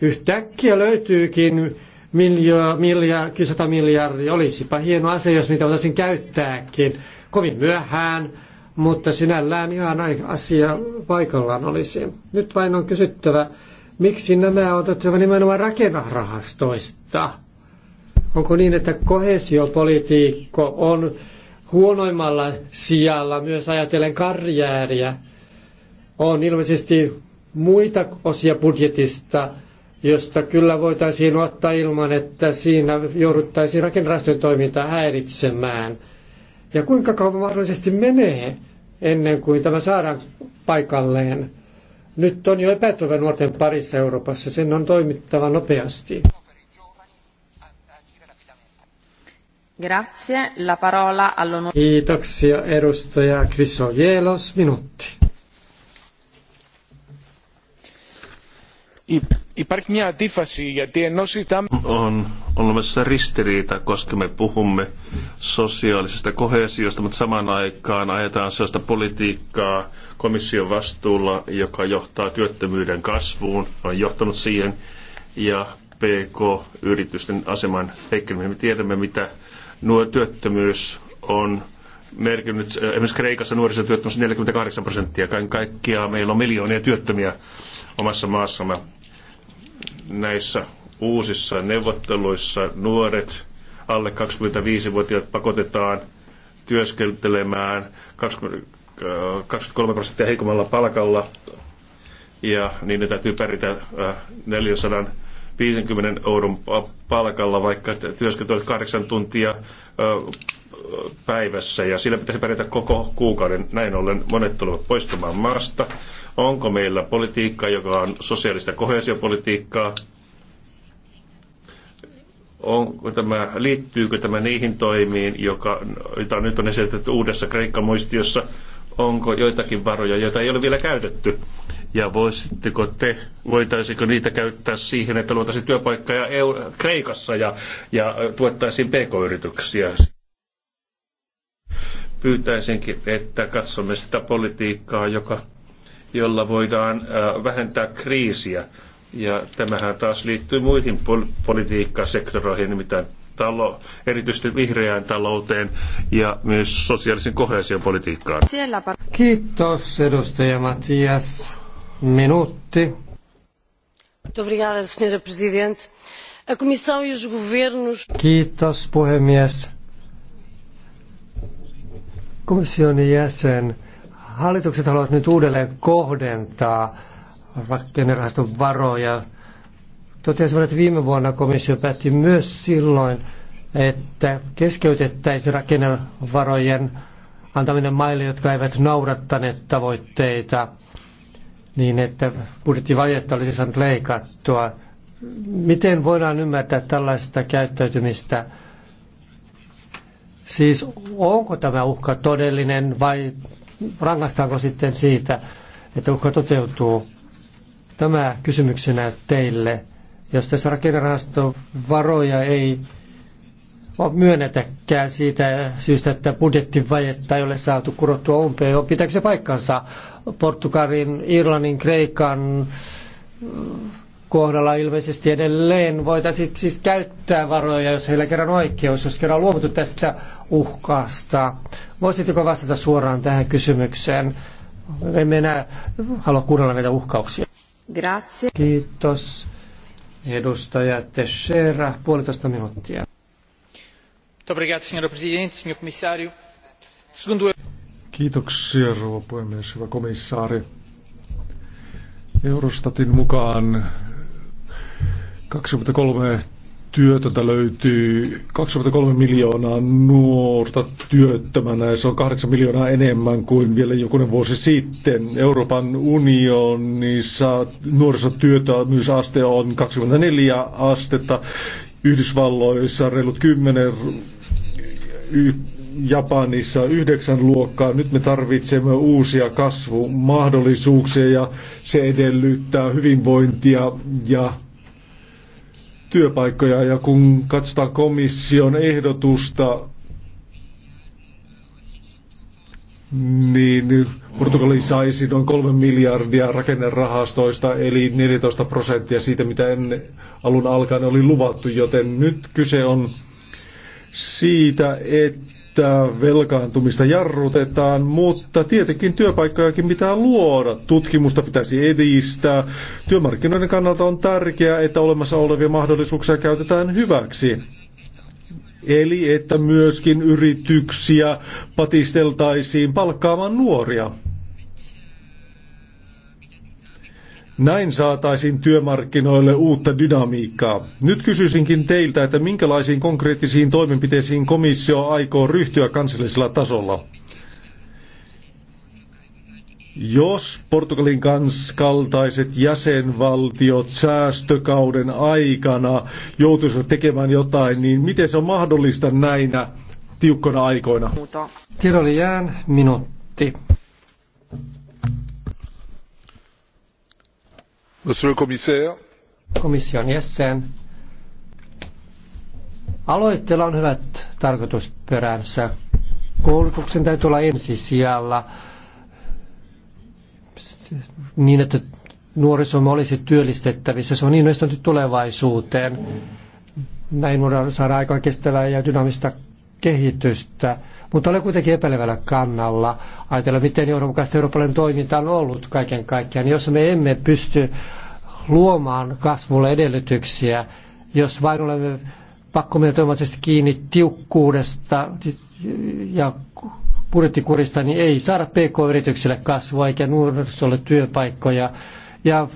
Speaker 1: Yhtäkkiä löytyykin miljo, milja, sata miljardia. Olisipa hieno asia, jos niitä voitaisiin käyttääkin. Kovin myöhään, mutta sinällään ihan asia paikallaan olisi. Nyt vain on kysyttävä, miksi nämä on otettava nimenomaan rakennarahastoista? Onko niin, että kohesiopolitiikko on huonoimmalla sijalla myös ajatellen karjääriä? On ilmeisesti muita osia budjetista, josta kyllä voitaisiin ottaa ilman, että siinä jouduttaisiin rakennerahastojen toimintaa häiritsemään. Ja kuinka kauan mahdollisesti menee ennen kuin tämä saadaan paikalleen? Nyt on jo epätoivoa nuorten parissa Euroopassa, sen on toimittava nopeasti. Grazie. La parola all'onore. Kiitoksia edustaja minuutti.
Speaker 3: On olemassa ristiriita, koska me puhumme sosiaalisesta kohesiosta, mutta samaan aikaan ajetaan sellaista politiikkaa komission vastuulla, joka johtaa työttömyyden kasvuun, on johtanut siihen, ja PK-yritysten aseman heikkeneminen. Me tiedämme, mitä nuo työttömyys on merkinnyt, äh, esimerkiksi Kreikassa nuorisotyöttömyys 48 prosenttia. Kaiken kaikkiaan meillä on miljoonia työttömiä omassa maassamme. Näissä uusissa neuvotteluissa nuoret alle 25-vuotiaat pakotetaan työskentelemään 23 äh, prosenttia heikommalla palkalla ja niin ne täytyy pärjätä 400 äh, 50 euron palkalla, vaikka työskentelet kahdeksan tuntia päivässä ja sillä pitäisi pärjätä koko kuukauden. Näin ollen monet tulevat poistumaan maasta. Onko meillä politiikka, joka on sosiaalista kohesiopolitiikkaa? Onko tämä, liittyykö tämä niihin toimiin, joka, jota nyt on esitetty uudessa Kreikka-muistiossa? Onko joitakin varoja, joita ei ole vielä käytetty? ja voisitteko te, voitaisiko niitä käyttää siihen, että luotaisiin työpaikkoja EU- Kreikassa ja, ja tuettaisiin pk-yrityksiä? Pyytäisinkin, että katsomme sitä politiikkaa, joka, jolla voidaan vähentää kriisiä. Ja tämähän taas liittyy muihin pol- politiikkasektoreihin, nimittäin talo, erityisesti vihreään talouteen ja myös sosiaalisen kohesion politiikkaan.
Speaker 1: Kiitos edustaja Matias. Minuutti. Obrigada, presidente. A comissão e os governos... Kiitos, puhemies. Komission jäsen. Hallitukset haluavat nyt uudelleen kohdentaa rakennerahaston varoja. Totesivat, että viime vuonna komissio päätti myös silloin, että keskeytettäisiin rakennevarojen antaminen maille, jotka eivät noudattaneet tavoitteita niin, että budjettivajetta olisi saanut leikattua. Miten voidaan ymmärtää tällaista käyttäytymistä? Siis onko tämä uhka todellinen vai rangaistaanko sitten siitä, että uhka toteutuu? Tämä kysymyksenä teille. Jos tässä rakennerahastovaroja ei myönnetäkään siitä syystä, että budjettivajetta ei ole saatu kurottua umpeen. Pitääkö se paikkansa Portugalin, Irlannin, Kreikan äh, kohdalla ilmeisesti edelleen? Voitaisiin siis käyttää varoja, jos heillä kerran oikeus, jos kerran luovuttu tästä uhkaasta. Voisitteko vastata suoraan tähän kysymykseen? Emme enää halua kuunnella näitä uhkauksia. Grazie. Kiitos. Edustaja Teixeira, puolitoista minuuttia.
Speaker 2: Kiitoksia, rouva puhemies, hyvä komissaari. Eurostatin mukaan 23 työtöntä löytyy, 23 miljoonaa nuorta työttömänä ja se on 8 miljoonaa enemmän kuin vielä jokunen vuosi sitten. Euroopan unionissa nuorisotyöttömyysaste on 24 astetta, Yhdysvalloissa reilut 10 Japanissa yhdeksän luokkaa. Nyt me tarvitsemme uusia kasvumahdollisuuksia ja se edellyttää hyvinvointia ja työpaikkoja. Ja kun katsotaan komission ehdotusta, niin Portugali saisi noin kolme miljardia rakennerahastoista, eli 14 prosenttia siitä, mitä ennen alun alkaen oli luvattu, joten nyt kyse on siitä, että velkaantumista jarrutetaan, mutta tietenkin työpaikkojakin pitää luoda. Tutkimusta pitäisi edistää. Työmarkkinoiden kannalta on tärkeää, että olemassa olevia mahdollisuuksia käytetään hyväksi. Eli että myöskin yrityksiä patisteltaisiin palkkaamaan nuoria. Näin saataisiin työmarkkinoille uutta dynamiikkaa. Nyt kysyisinkin teiltä, että minkälaisiin konkreettisiin toimenpiteisiin komissio aikoo ryhtyä kansallisella tasolla? Jos Portugalin kaltaiset jäsenvaltiot säästökauden aikana joutuisivat tekemään jotain, niin miten se on mahdollista
Speaker 1: näinä tiukkona aikoina? jään minuutti.
Speaker 2: Monsieur le commissaire.
Speaker 1: Komission jäsen. Aloitteella on hyvät tarkoitusperänsä. Koulutuksen täytyy olla ensisijalla niin, että nuorisomme olisi työllistettävissä. Se on investointi tulevaisuuteen. Näin voidaan saada aikaan kestävää ja dynaamista kehitystä mutta olen kuitenkin epäilevällä kannalla. Ajatella, miten johdonmukaista eurooppalainen toiminta on ollut kaiken kaikkiaan. Jos me emme pysty luomaan kasvulle edellytyksiä, jos vain olemme pakkomieltoimaisesti kiinni tiukkuudesta ja budjettikurista, niin ei saada pk-yrityksille kasvua eikä nuorisolle työpaikkoja. Ja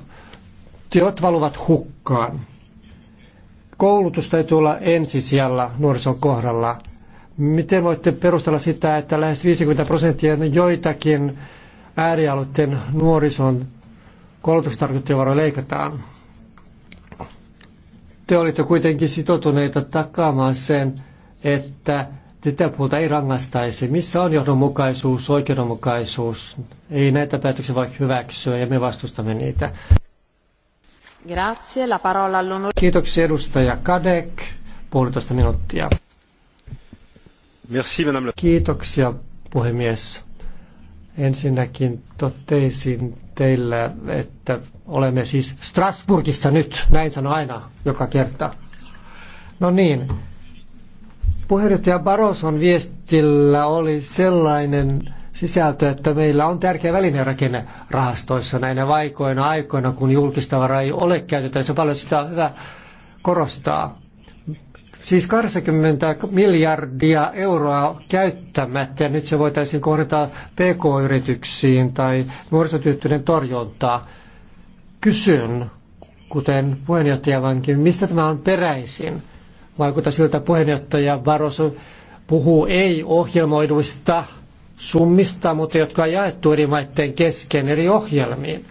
Speaker 1: työt valuvat hukkaan. Koulutus täytyy olla ensisijalla nuorison kohdalla – Miten voitte perustella sitä, että lähes 50 prosenttia joitakin äärialueiden nuorison koulutustarkoittujen varoja leikataan? Te olitte kuitenkin sitoutuneita takaamaan sen, että tätä puolta ei rangaistaisi. Missä on johdonmukaisuus, oikeudenmukaisuus? Ei näitä päätöksiä voi hyväksyä ja me vastustamme niitä. Grazie, la parola all'onore. Kiitoksia edustaja Kadek, puolitoista minuuttia. Merci, madame. Kiitoksia, puhemies. Ensinnäkin totesin teille, että olemme siis Strasburgissa nyt, näin sanon aina joka kerta. No niin, puheenjohtaja Baroson viestillä oli sellainen sisältö, että meillä on tärkeä välinerakenne rahastoissa näinä vaikoina aikoina, kun julkista varaa ei ole käytettävissä paljon, sitä on hyvä korostaa. Siis 80 miljardia euroa käyttämättä ja nyt se voitaisiin kohdata pk-yrityksiin tai nuorisotyöttöiden torjuntaa. Kysyn, kuten vankin, mistä tämä on peräisin? Vaikuttaa siltä puheenjohtaja Barroso puhuu ei-ohjelmoiduista summista, mutta jotka on jaettu eri maiden kesken eri ohjelmiin.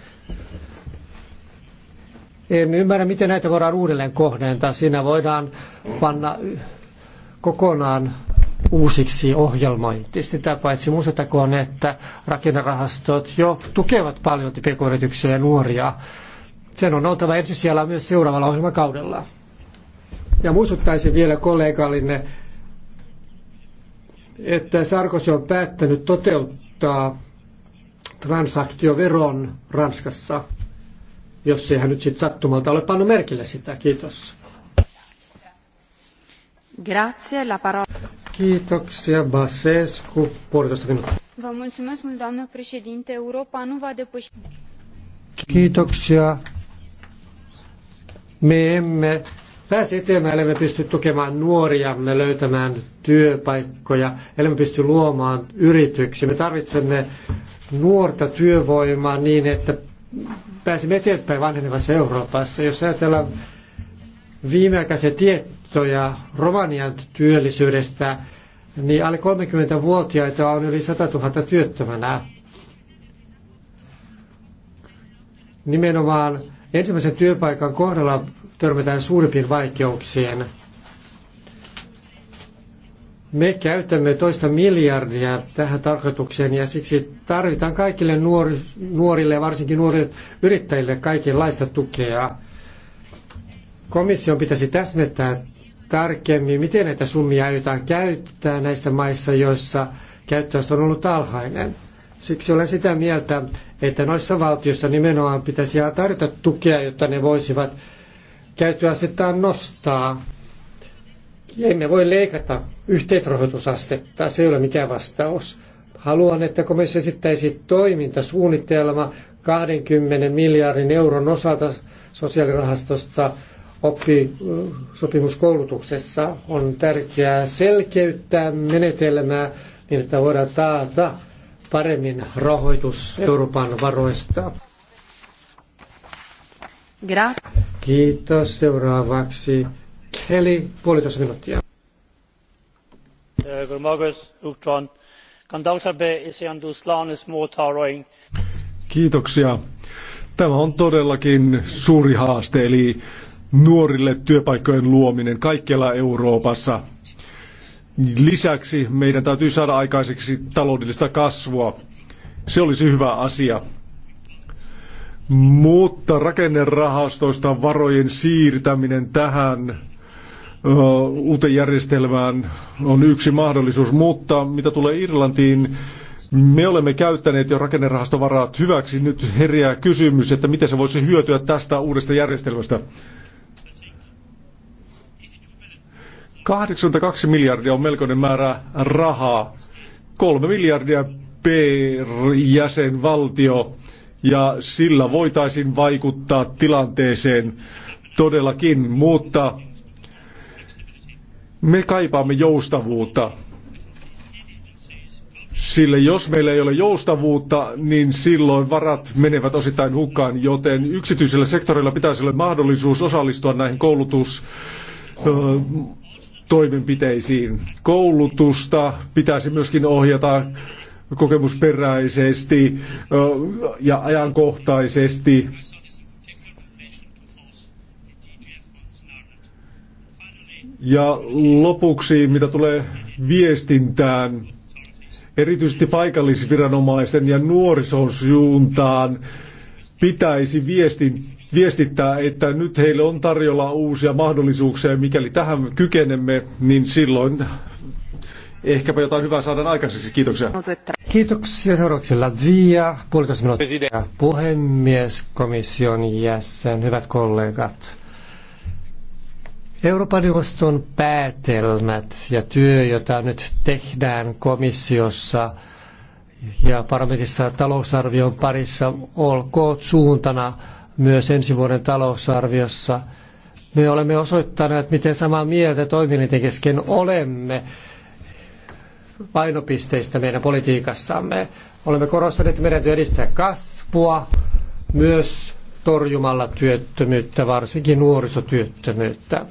Speaker 1: En ymmärrä, miten näitä voidaan uudelleen kohdentaa. Siinä voidaan panna kokonaan uusiksi ohjelmointi. Sitä paitsi muistettakoon, että rakennerahastot jo tukevat paljon pk-yrityksiä ja nuoria. Sen on oltava ensisijalla myös seuraavalla ohjelmakaudella. Ja muistuttaisin vielä kollegallinne, että Sarkozy on päättänyt toteuttaa transaktioveron Ranskassa jos ei hän nyt sitten sattumalta ole pannut merkille sitä. Kiitos. Grazie, la parola. Kiitoksia, Basescu. Puolitoista minuuttia. Vă mulțumesc mult, doamnă președinte.
Speaker 2: Europa nu va depăși...
Speaker 1: Kiitoksia. Me emme pääse eteenpäin, ellei pysty tukemaan nuoriamme löytämään työpaikkoja, ellei pysty luomaan yrityksiä. Me tarvitsemme nuorta työvoimaa niin, että pääsimme eteenpäin vanhenevassa Euroopassa. Jos ajatellaan viimeaikaisia tietoja Romanian työllisyydestä, niin alle 30-vuotiaita on yli 100 000 työttömänä. Nimenomaan ensimmäisen työpaikan kohdalla törmätään suurimpiin vaikeuksiin – me käytämme toista miljardia tähän tarkoitukseen ja siksi tarvitaan kaikille nuori, nuorille ja varsinkin nuorille yrittäjille kaikenlaista tukea. Komission pitäisi täsmentää tarkemmin, miten näitä summia aiotaan käyttää näissä maissa, joissa käyttöaste on ollut alhainen. Siksi olen sitä mieltä, että noissa valtioissa nimenomaan pitäisi tarjota tukea, jotta ne voisivat käyttöasettaan nostaa emme voi leikata yhteisrahoitusastetta, se ei ole mikään vastaus. Haluan, että komissio esittäisi toimintasuunnitelma 20 miljardin euron osalta sosiaalirahastosta oppisopimuskoulutuksessa. On tärkeää selkeyttää menetelmää niin, että voidaan taata paremmin rahoitus Euroopan varoista. Kiitos. Seuraavaksi Kelly, puolitoista minuuttia. Äh,
Speaker 2: Kiitoksia. Tämä on todellakin suuri haaste, eli nuorille työpaikkojen luominen kaikkialla Euroopassa. Lisäksi meidän täytyy saada aikaiseksi taloudellista kasvua. Se olisi hyvä asia. Mutta rakennerahastoista varojen siirtäminen tähän uuteen järjestelmään on yksi mahdollisuus, mutta mitä tulee Irlantiin, me olemme käyttäneet jo rakennerahastovaraat hyväksi. Nyt herää kysymys, että miten se voisi hyötyä tästä uudesta järjestelmästä. 82 miljardia on melkoinen määrä rahaa. 3 miljardia per jäsenvaltio ja sillä voitaisiin vaikuttaa tilanteeseen todellakin, mutta me kaipaamme joustavuutta. Sillä jos meillä ei ole joustavuutta, niin silloin varat menevät osittain hukkaan, joten yksityisellä sektorilla pitäisi olla mahdollisuus osallistua näihin koulutus toimenpiteisiin. Koulutusta pitäisi myöskin ohjata kokemusperäisesti ja ajankohtaisesti Ja lopuksi, mitä tulee viestintään, erityisesti paikallisviranomaisen ja nuorison suuntaan, pitäisi viestin, viestittää, että nyt heille on tarjolla uusia mahdollisuuksia. Mikäli tähän kykenemme, niin silloin ehkäpä jotain hyvää saadaan aikaiseksi. Kiitoksia.
Speaker 1: Kiitoksia. Seuraavaksi Latvia, puolitoista minuuttia. Puhemies, komission jäsen, hyvät kollegat. Euroopan neuvoston päätelmät ja työ, jota nyt tehdään komissiossa ja parlamentissa talousarvion parissa, olkoon suuntana myös ensi vuoden talousarviossa. Me olemme osoittaneet, miten samaa mieltä toimielinten kesken olemme painopisteistä meidän politiikassamme. Olemme korostaneet, että meidän täytyy edistää kasvua, myös torjumalla työttömyyttä, varsinkin nuorisotyöttömyyttä.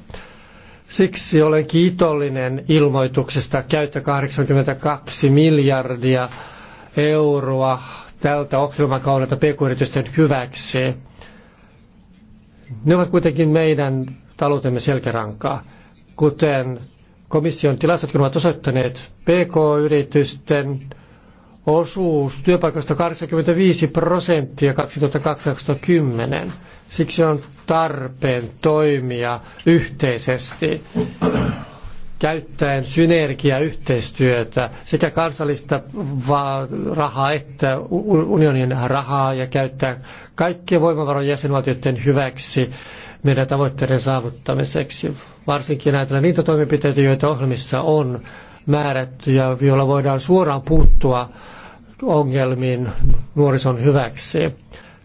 Speaker 1: Siksi olen kiitollinen ilmoituksesta käyttö 82 miljardia euroa tältä ohjelmakaudelta pk-yritysten hyväksi. Ne ovat kuitenkin meidän taloutemme selkärankaa. Kuten komission tilastotkin ovat osoittaneet, pk-yritysten osuus työpaikoista 85 prosenttia 2010. Siksi on tarpeen toimia yhteisesti käyttäen synergiayhteistyötä sekä kansallista rahaa että unionin rahaa ja käyttää kaikkia voimavaroja jäsenvaltioiden hyväksi meidän tavoitteiden saavuttamiseksi. Varsinkin näitä niitä toimenpiteitä, joita ohjelmissa on, määrätty ja joilla voidaan suoraan puuttua ongelmiin nuorison hyväksi.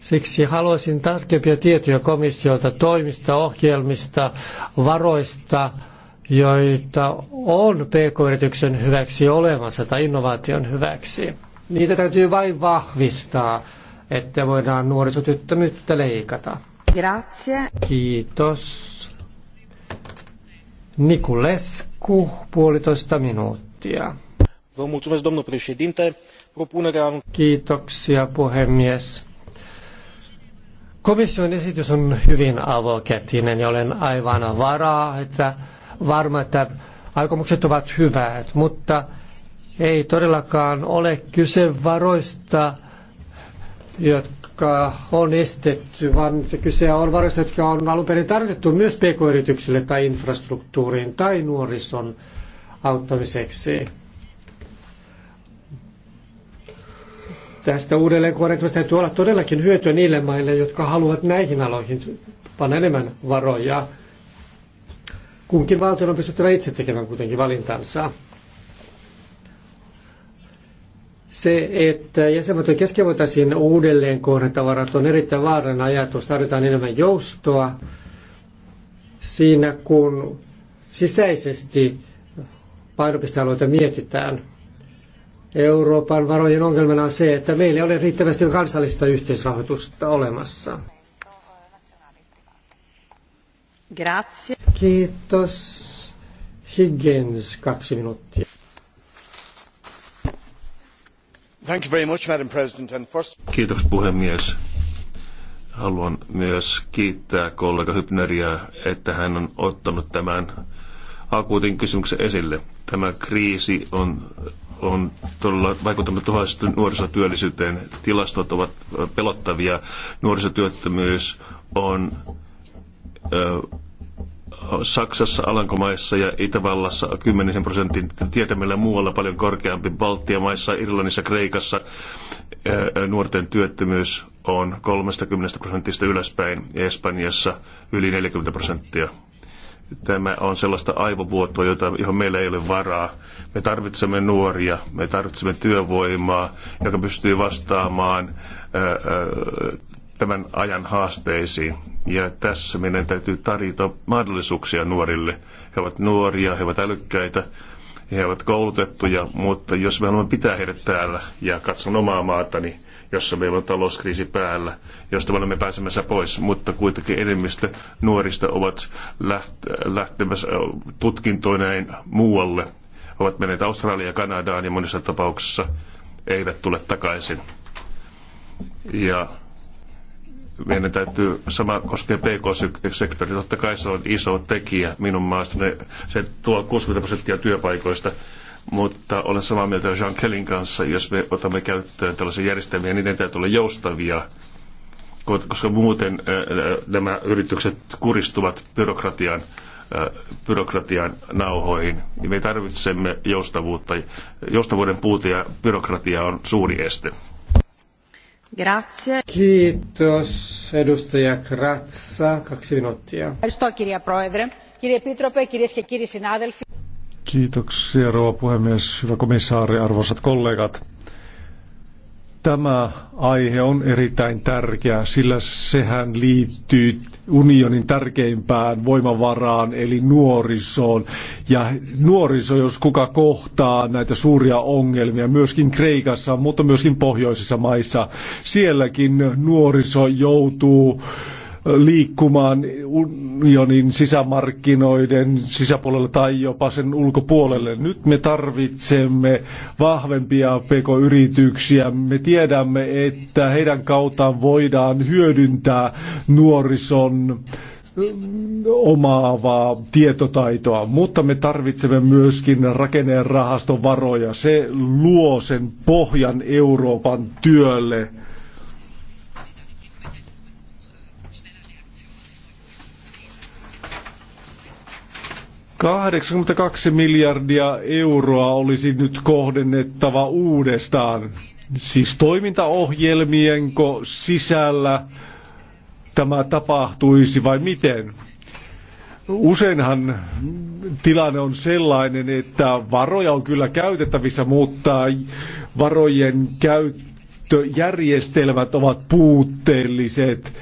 Speaker 1: Siksi haluaisin tarkempia tietoja komissiolta toimista, ohjelmista, varoista, joita on pk-yrityksen hyväksi olemassa tai innovaation hyväksi. Niitä täytyy vain vahvistaa, että voidaan nuorisotyttömyyttä leikata.
Speaker 3: Grazie.
Speaker 1: Kiitos. Niculescu, puolitoista minuuttia. Vă mulțumesc, domnul președinte. Propunerea... Kiitoksia, puhemies. Komission esitys on hyvin avokätinen ja olen aivan varaa, että varma, että aikomukset ovat hyvät, mutta ei todellakaan ole kyse varoista, jotka jotka on estetty, vaan kyse on varoista, jotka on alun perin tarkoitettu myös pk-yrityksille tai infrastruktuuriin tai nuorison auttamiseksi. Tästä uudelleen täytyy olla todellakin hyötyä niille maille, jotka haluavat näihin aloihin panna enemmän varoja. Kunkin valtion on pystyttävä itse tekemään kuitenkin valintansa. Se, että jäsenvaltojen kesken voitaisiin uudelleen kohdata varat, on erittäin vaarallinen ajatus. Tarvitaan enemmän joustoa siinä, kun sisäisesti painopistealueita mietitään. Euroopan varojen ongelmana on se, että meillä ei ole riittävästi kansallista yhteisrahoitusta olemassa. Grazie. Kiitos. Higgins, kaksi minuuttia. Madam President.
Speaker 3: puhemies. Haluan myös kiittää kollega Hypneriä, että hän on ottanut tämän akuutin kysymyksen esille. Tämä kriisi on, on todella vaikuttanut tuhansista nuorisotyöllisyyteen. Tilastot ovat pelottavia. Nuorisotyöttömyys on ö, Saksassa, Alankomaissa ja Itävallassa 10 prosentin tietämällä muualla paljon korkeampi. Baltian maissa, Irlannissa, Kreikassa nuorten työttömyys on 30 prosentista ylöspäin ja Espanjassa yli 40 prosenttia. Tämä on sellaista aivovuotoa, jota, johon meillä ei ole varaa. Me tarvitsemme nuoria, me tarvitsemme työvoimaa, joka pystyy vastaamaan tämän ajan haasteisiin. Ja tässä meidän täytyy tarjota mahdollisuuksia nuorille. He ovat nuoria, he ovat älykkäitä, he ovat koulutettuja, mutta jos me haluamme pitää heidät täällä ja katson omaa maatani, jossa meillä on talouskriisi päällä, josta me olemme pääsemässä pois, mutta kuitenkin enemmistö nuorista ovat lähtemässä tutkintoineen muualle, ovat menneet Australiaan ja Kanadaan ja monissa tapauksissa eivät tule takaisin. Ja meidän täytyy, sama koskee pk sektori totta kai se on iso tekijä minun ne, se tuo 60 prosenttia työpaikoista, mutta olen samaa mieltä Jean Kellin kanssa, jos me otamme käyttöön tällaisia järjestelmiä, niiden täytyy olla joustavia, koska muuten nämä yritykset kuristuvat byrokratian byrokratian nauhoihin. me tarvitsemme joustavuutta. Joustavuuden puute ja byrokratia on suuri este.
Speaker 1: Grazie. Kiitos edustaja Kratsa. Kaksi minuuttia.
Speaker 2: Kiitoksia rouva puhemies, hyvä komissaari, arvoisat kollegat. Tämä aihe on erittäin tärkeä, sillä sehän liittyy unionin tärkeimpään voimavaraan, eli nuorisoon. Ja nuoriso, jos kuka kohtaa näitä suuria ongelmia, myöskin Kreikassa, mutta myöskin pohjoisissa maissa, sielläkin nuoriso joutuu liikkumaan unionin sisämarkkinoiden sisäpuolelle tai jopa sen ulkopuolelle. Nyt me tarvitsemme vahvempia pk-yrityksiä. Me tiedämme, että heidän kauttaan voidaan hyödyntää nuorison mm, omaavaa tietotaitoa, mutta me tarvitsemme myöskin rakennerahaston varoja. Se luo sen pohjan Euroopan työlle. 82 miljardia euroa olisi nyt kohdennettava uudestaan. Siis toimintaohjelmienko sisällä tämä tapahtuisi vai miten? Useinhan tilanne on sellainen, että varoja on kyllä käytettävissä, mutta varojen käyttöjärjestelmät ovat puutteelliset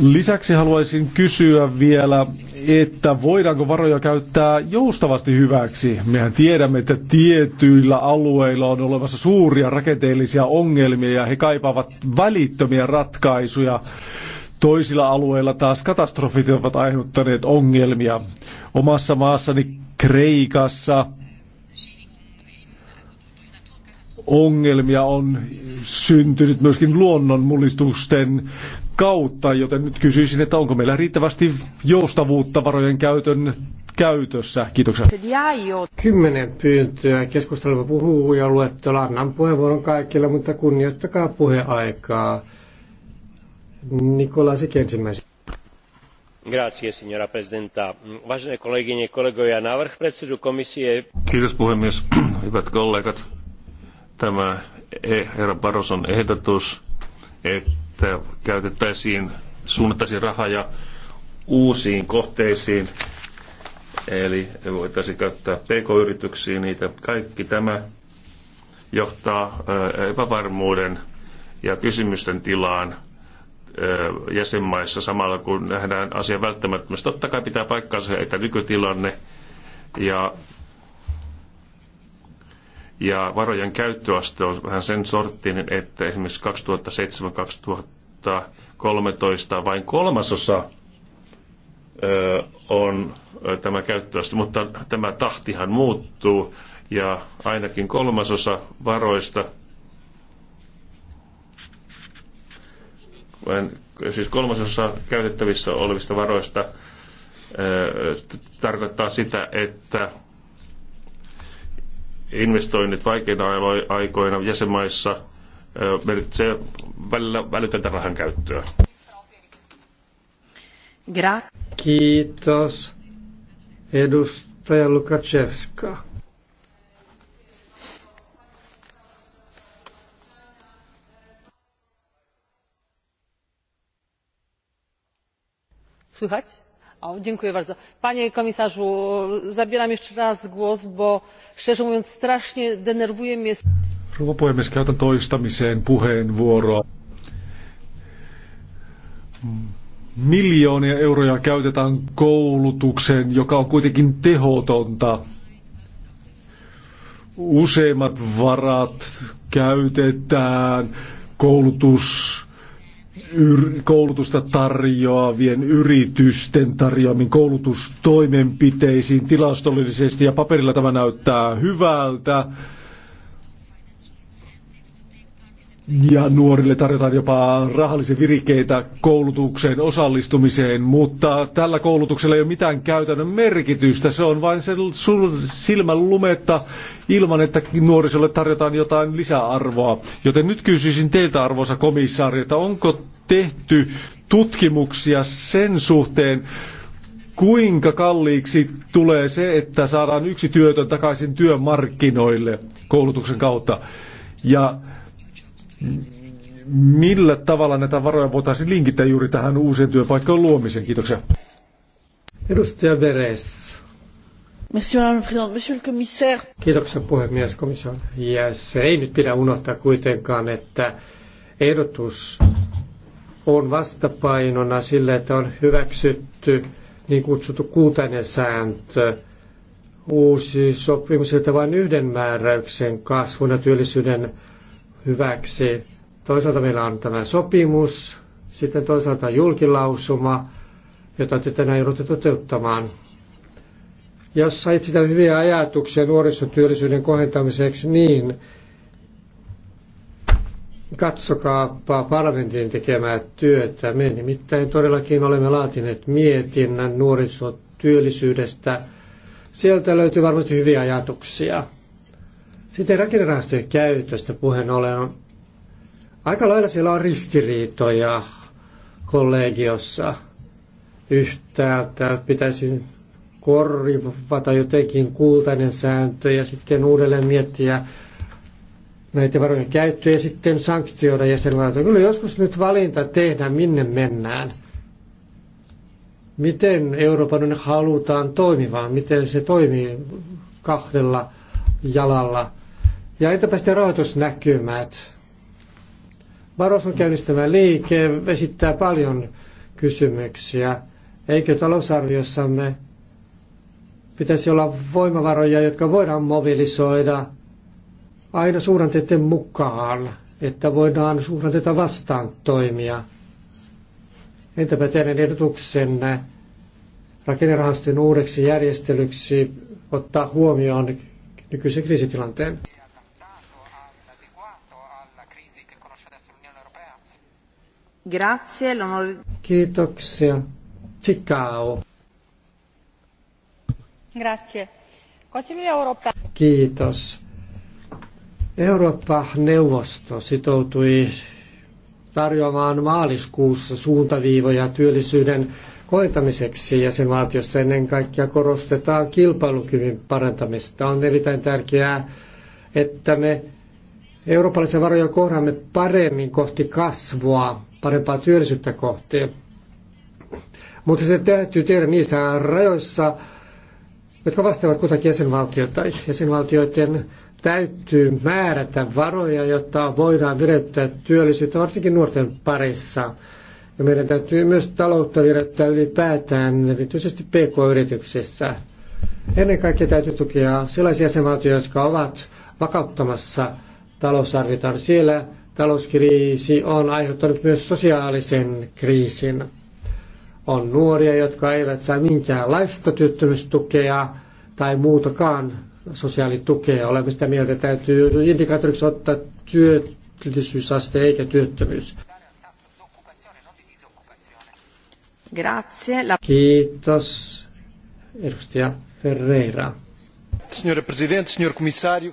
Speaker 2: Lisäksi haluaisin kysyä vielä, että voidaanko varoja käyttää joustavasti hyväksi? Mehän tiedämme, että tietyillä alueilla on olemassa suuria rakenteellisia ongelmia ja he kaipaavat välittömiä ratkaisuja. Toisilla alueilla taas katastrofit ovat aiheuttaneet ongelmia. Omassa maassani Kreikassa ongelmia on syntynyt myöskin luonnonmullistusten kautta, joten nyt kysyisin, että onko meillä riittävästi joustavuutta varojen käytön käytössä.
Speaker 1: Kiitoksia. Kymmenen pyyntöä keskustelua puhuu ja luettelo. Annan puheenvuoron kaikille, mutta kunnioittakaa puheaikaa. Nikolasik ensimmäisenä.
Speaker 3: Grazie, signora presidenta. Vážené kolegyne, kollegoja, návrh predsedu komisie... Kiitos puhemies. Hyvät kollegat. Tämä e. herra Baroson ehdotus, että että käytettäisiin, suunnattaisiin rahaa ja uusiin kohteisiin, eli voitaisiin käyttää pk-yrityksiin niitä. Kaikki tämä johtaa epävarmuuden ja kysymysten tilaan jäsenmaissa samalla, kun nähdään asian välttämättömyys. Totta kai pitää paikkaansa, että nykytilanne ja ja varojen käyttöaste on vähän sen sorttinen, että esimerkiksi 2007-2013 vain kolmasosa on tämä käyttöaste, mutta tämä tahtihan muuttuu ja ainakin kolmasosa varoista, siis kolmasosa käytettävissä olevista varoista tarkoittaa sitä, että investoinnit vaikeina aikoina jäsenmaissa merkitsee välillä välitöntä rahan käyttöä.
Speaker 1: Kiitos. Edustaja Lukaczewska. Słychać? panie komisarzu! zabieram jeszcze raz głos bo szczerze mówiąc strasznie denerwuje mnie.
Speaker 2: rouva puhemies käytän toistamiseen puheenvuoroa. miljoonia euroja käytetään koulutukseen joka on kuitenkin tehotonta. useimmat varat käytetään koulutus koulutusta tarjoavien yritysten tarjoamin koulutustoimenpiteisiin tilastollisesti ja paperilla tämä näyttää hyvältä. Ja nuorille tarjotaan jopa rahallisia virikeitä koulutukseen osallistumiseen, mutta tällä koulutuksella ei ole mitään käytännön merkitystä. Se on vain sen silmän lumetta ilman, että nuorisolle tarjotaan jotain lisäarvoa. Joten nyt kysyisin teiltä, arvoisa komissaari, että onko tehty tutkimuksia sen suhteen, kuinka kalliiksi tulee se, että saadaan yksi työtön takaisin työmarkkinoille koulutuksen kautta. Ja millä tavalla näitä varoja voitaisiin linkittää juuri tähän
Speaker 1: uusien työpaikkojen luomiseen? Kiitoksia. Edustaja Veres. Kiitoksia puhemies komission jäsen. Ei nyt pidä unohtaa kuitenkaan, että ehdotus on vastapainona sille, että on hyväksytty niin kutsuttu kuutainen sääntö, uusi sopimus, että vain yhden määräyksen kasvun ja työllisyyden hyväksi. Toisaalta meillä on tämä sopimus, sitten toisaalta julkilausuma, jota te tänään joudutte toteuttamaan. Jos sait sitä hyviä ajatuksia nuorisotyöllisyyden kohentamiseksi, niin katsokaapa parlamentin tekemää työtä. Me nimittäin todellakin olemme laatineet mietinnän nuorisotyöllisyydestä. Sieltä löytyy varmasti hyviä ajatuksia. Sitten rakennerahastojen käytöstä puheen ollen aika lailla siellä on ristiriitoja kollegiossa. Yhtäältä pitäisi korvata jotenkin kultainen sääntö ja sitten uudelleen miettiä näiden varojen käyttöä ja sitten sanktioida jäsenvaltioita. Kyllä joskus nyt valinta tehdään, minne mennään. Miten Euroopan halutaan toimivaan, miten se toimii kahdella jalalla. Ja entäpä sitten rahoitusnäkymät. Varos on käynnistämä liike, esittää paljon kysymyksiä. Eikö talousarviossamme pitäisi olla voimavaroja, jotka voidaan mobilisoida – aina suhdanteiden mukaan, että voidaan suhdanteita vastaan toimia. Entäpä teidän ehdotuksenne rakennerahastojen uudeksi järjestelyksi ottaa huomioon nykyisen kriisitilanteen? Grazie, Kiitoksia. Ciao. Grazie. Consiglio europeo. Kiitos. Eurooppa-neuvosto sitoutui tarjoamaan maaliskuussa suuntaviivoja työllisyyden hoitamiseksi jäsenvaltiossa ennen kaikkea korostetaan kilpailukyvyn parantamista. On erittäin tärkeää, että me eurooppalaisen varoja kohdamme paremmin kohti kasvua, parempaa työllisyyttä kohti. Mutta se täytyy tehdä niissä rajoissa, jotka vastaavat kutakin jäsenvaltiota. Jäsenvaltioiden täytyy määrätä varoja, jotta voidaan virettää työllisyyttä, varsinkin nuorten parissa. Ja meidän täytyy myös taloutta virettää ylipäätään, erityisesti PK-yrityksissä. Ennen kaikkea täytyy tukea sellaisia jäsenvaltioita, jotka ovat vakauttamassa talousarviotaan. Siellä talouskriisi on aiheuttanut myös sosiaalisen kriisin. On nuoria, jotka eivät saa minkäänlaista työttömyystukea tai muutakaan sosiaalitukea. Olemme sitä mieltä, että täytyy indikaattoriksi ottaa työllisyysaste eikä työttömyys. Grazie. Kiitos, edustaja Ferreira. Signore Presidente, signor Commissario.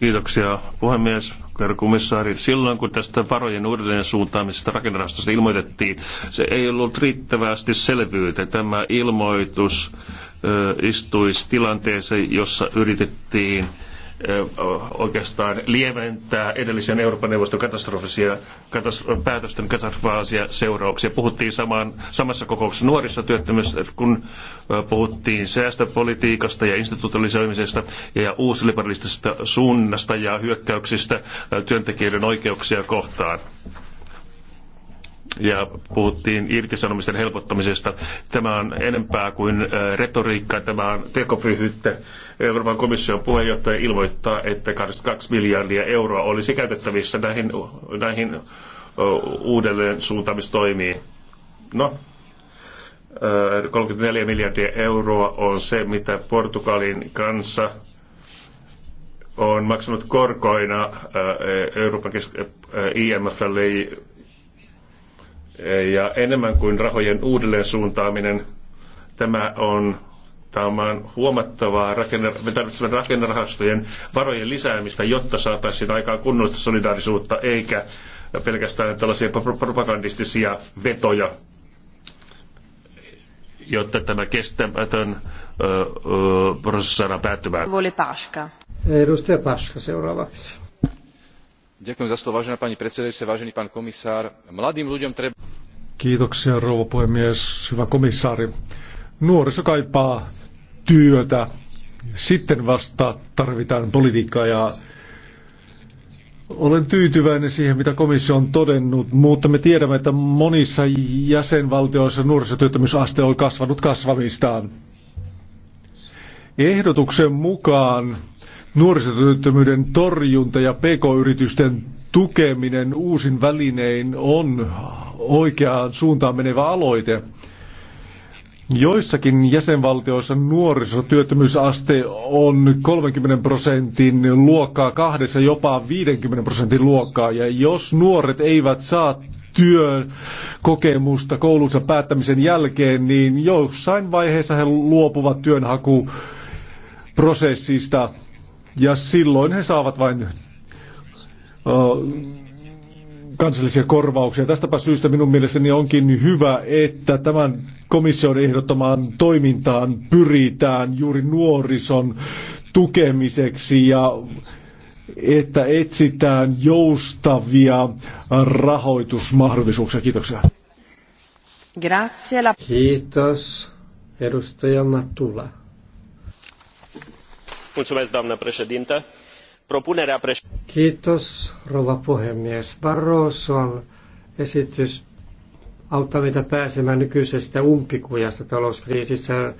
Speaker 3: Kiitoksia, puhemies komissaari, silloin kun tästä varojen uudelleen suuntaamisesta rakennerahastosta ilmoitettiin, se ei ollut riittävästi selvyyttä. Tämä ilmoitus ö, istuisi tilanteeseen, jossa yritettiin oikeastaan lieventää edellisen Euroopan neuvoston katastrofisia, päätösten katastrofaalisia seurauksia. Puhuttiin samaan, samassa kokouksessa nuorisotyöttömyys, kun puhuttiin säästöpolitiikasta ja institutionalisoimisesta ja uusliberalistisesta suunnasta ja hyökkäyksistä työntekijöiden oikeuksia kohtaan ja puhuttiin irtisanomisten helpottamisesta. Tämä on enempää kuin äh, retoriikkaa, tämä on tekopyhyyttä. Euroopan komission puheenjohtaja ilmoittaa, että 22 miljardia euroa olisi käytettävissä näihin, näihin uudelleen suuntaamistoimiin. No, 34 äh, miljardia euroa on se, mitä Portugalin kanssa on maksanut korkoina äh, Euroopan IMFlle ja enemmän kuin rahojen uudelleen suuntaaminen. Tämä on Tämä on huomattavaa, rakenne, me tarvitsemme rakennerahastojen varojen lisäämistä, jotta saataisiin aikaan kunnollista solidaarisuutta, eikä pelkästään tällaisia propagandistisia vetoja, jotta tämä kestämätön prosessi saadaan päättymään.
Speaker 1: Edustaja Paska seuraavaksi.
Speaker 2: Kiitoksia rouva puhemies, hyvä komissaari. Nuoriso kaipaa työtä, sitten vasta tarvitaan politiikkaa ja olen tyytyväinen siihen, mitä komissio on todennut, mutta me tiedämme, että monissa jäsenvaltioissa nuorisotyöttömyysaste on kasvanut kasvamistaan. Ehdotuksen mukaan Nuorisotyöttömyyden torjunta ja pk-yritysten tukeminen uusin välinein on oikeaan suuntaan menevä aloite. Joissakin jäsenvaltioissa nuorisotyöttömyysaste on 30 prosentin luokkaa, kahdessa jopa 50 prosentin luokkaa. Ja jos nuoret eivät saa työn kokemusta koulunsa päättämisen jälkeen, niin jossain vaiheessa he luopuvat työnhakuprosessista ja silloin he saavat vain kansallisia korvauksia. Tästäpä syystä minun mielestäni onkin hyvä, että tämän komission ehdottamaan toimintaan pyritään juuri nuorison tukemiseksi ja että etsitään joustavia rahoitusmahdollisuuksia. Kiitoksia.
Speaker 1: Grazie. Kiitos, edustaja Matula.
Speaker 3: Propunerea președintelui.
Speaker 1: Kiitos, rouva puhemies. Barroson esitys auttaa meitä pääsemään nykyisestä umpikujasta talouskriisissä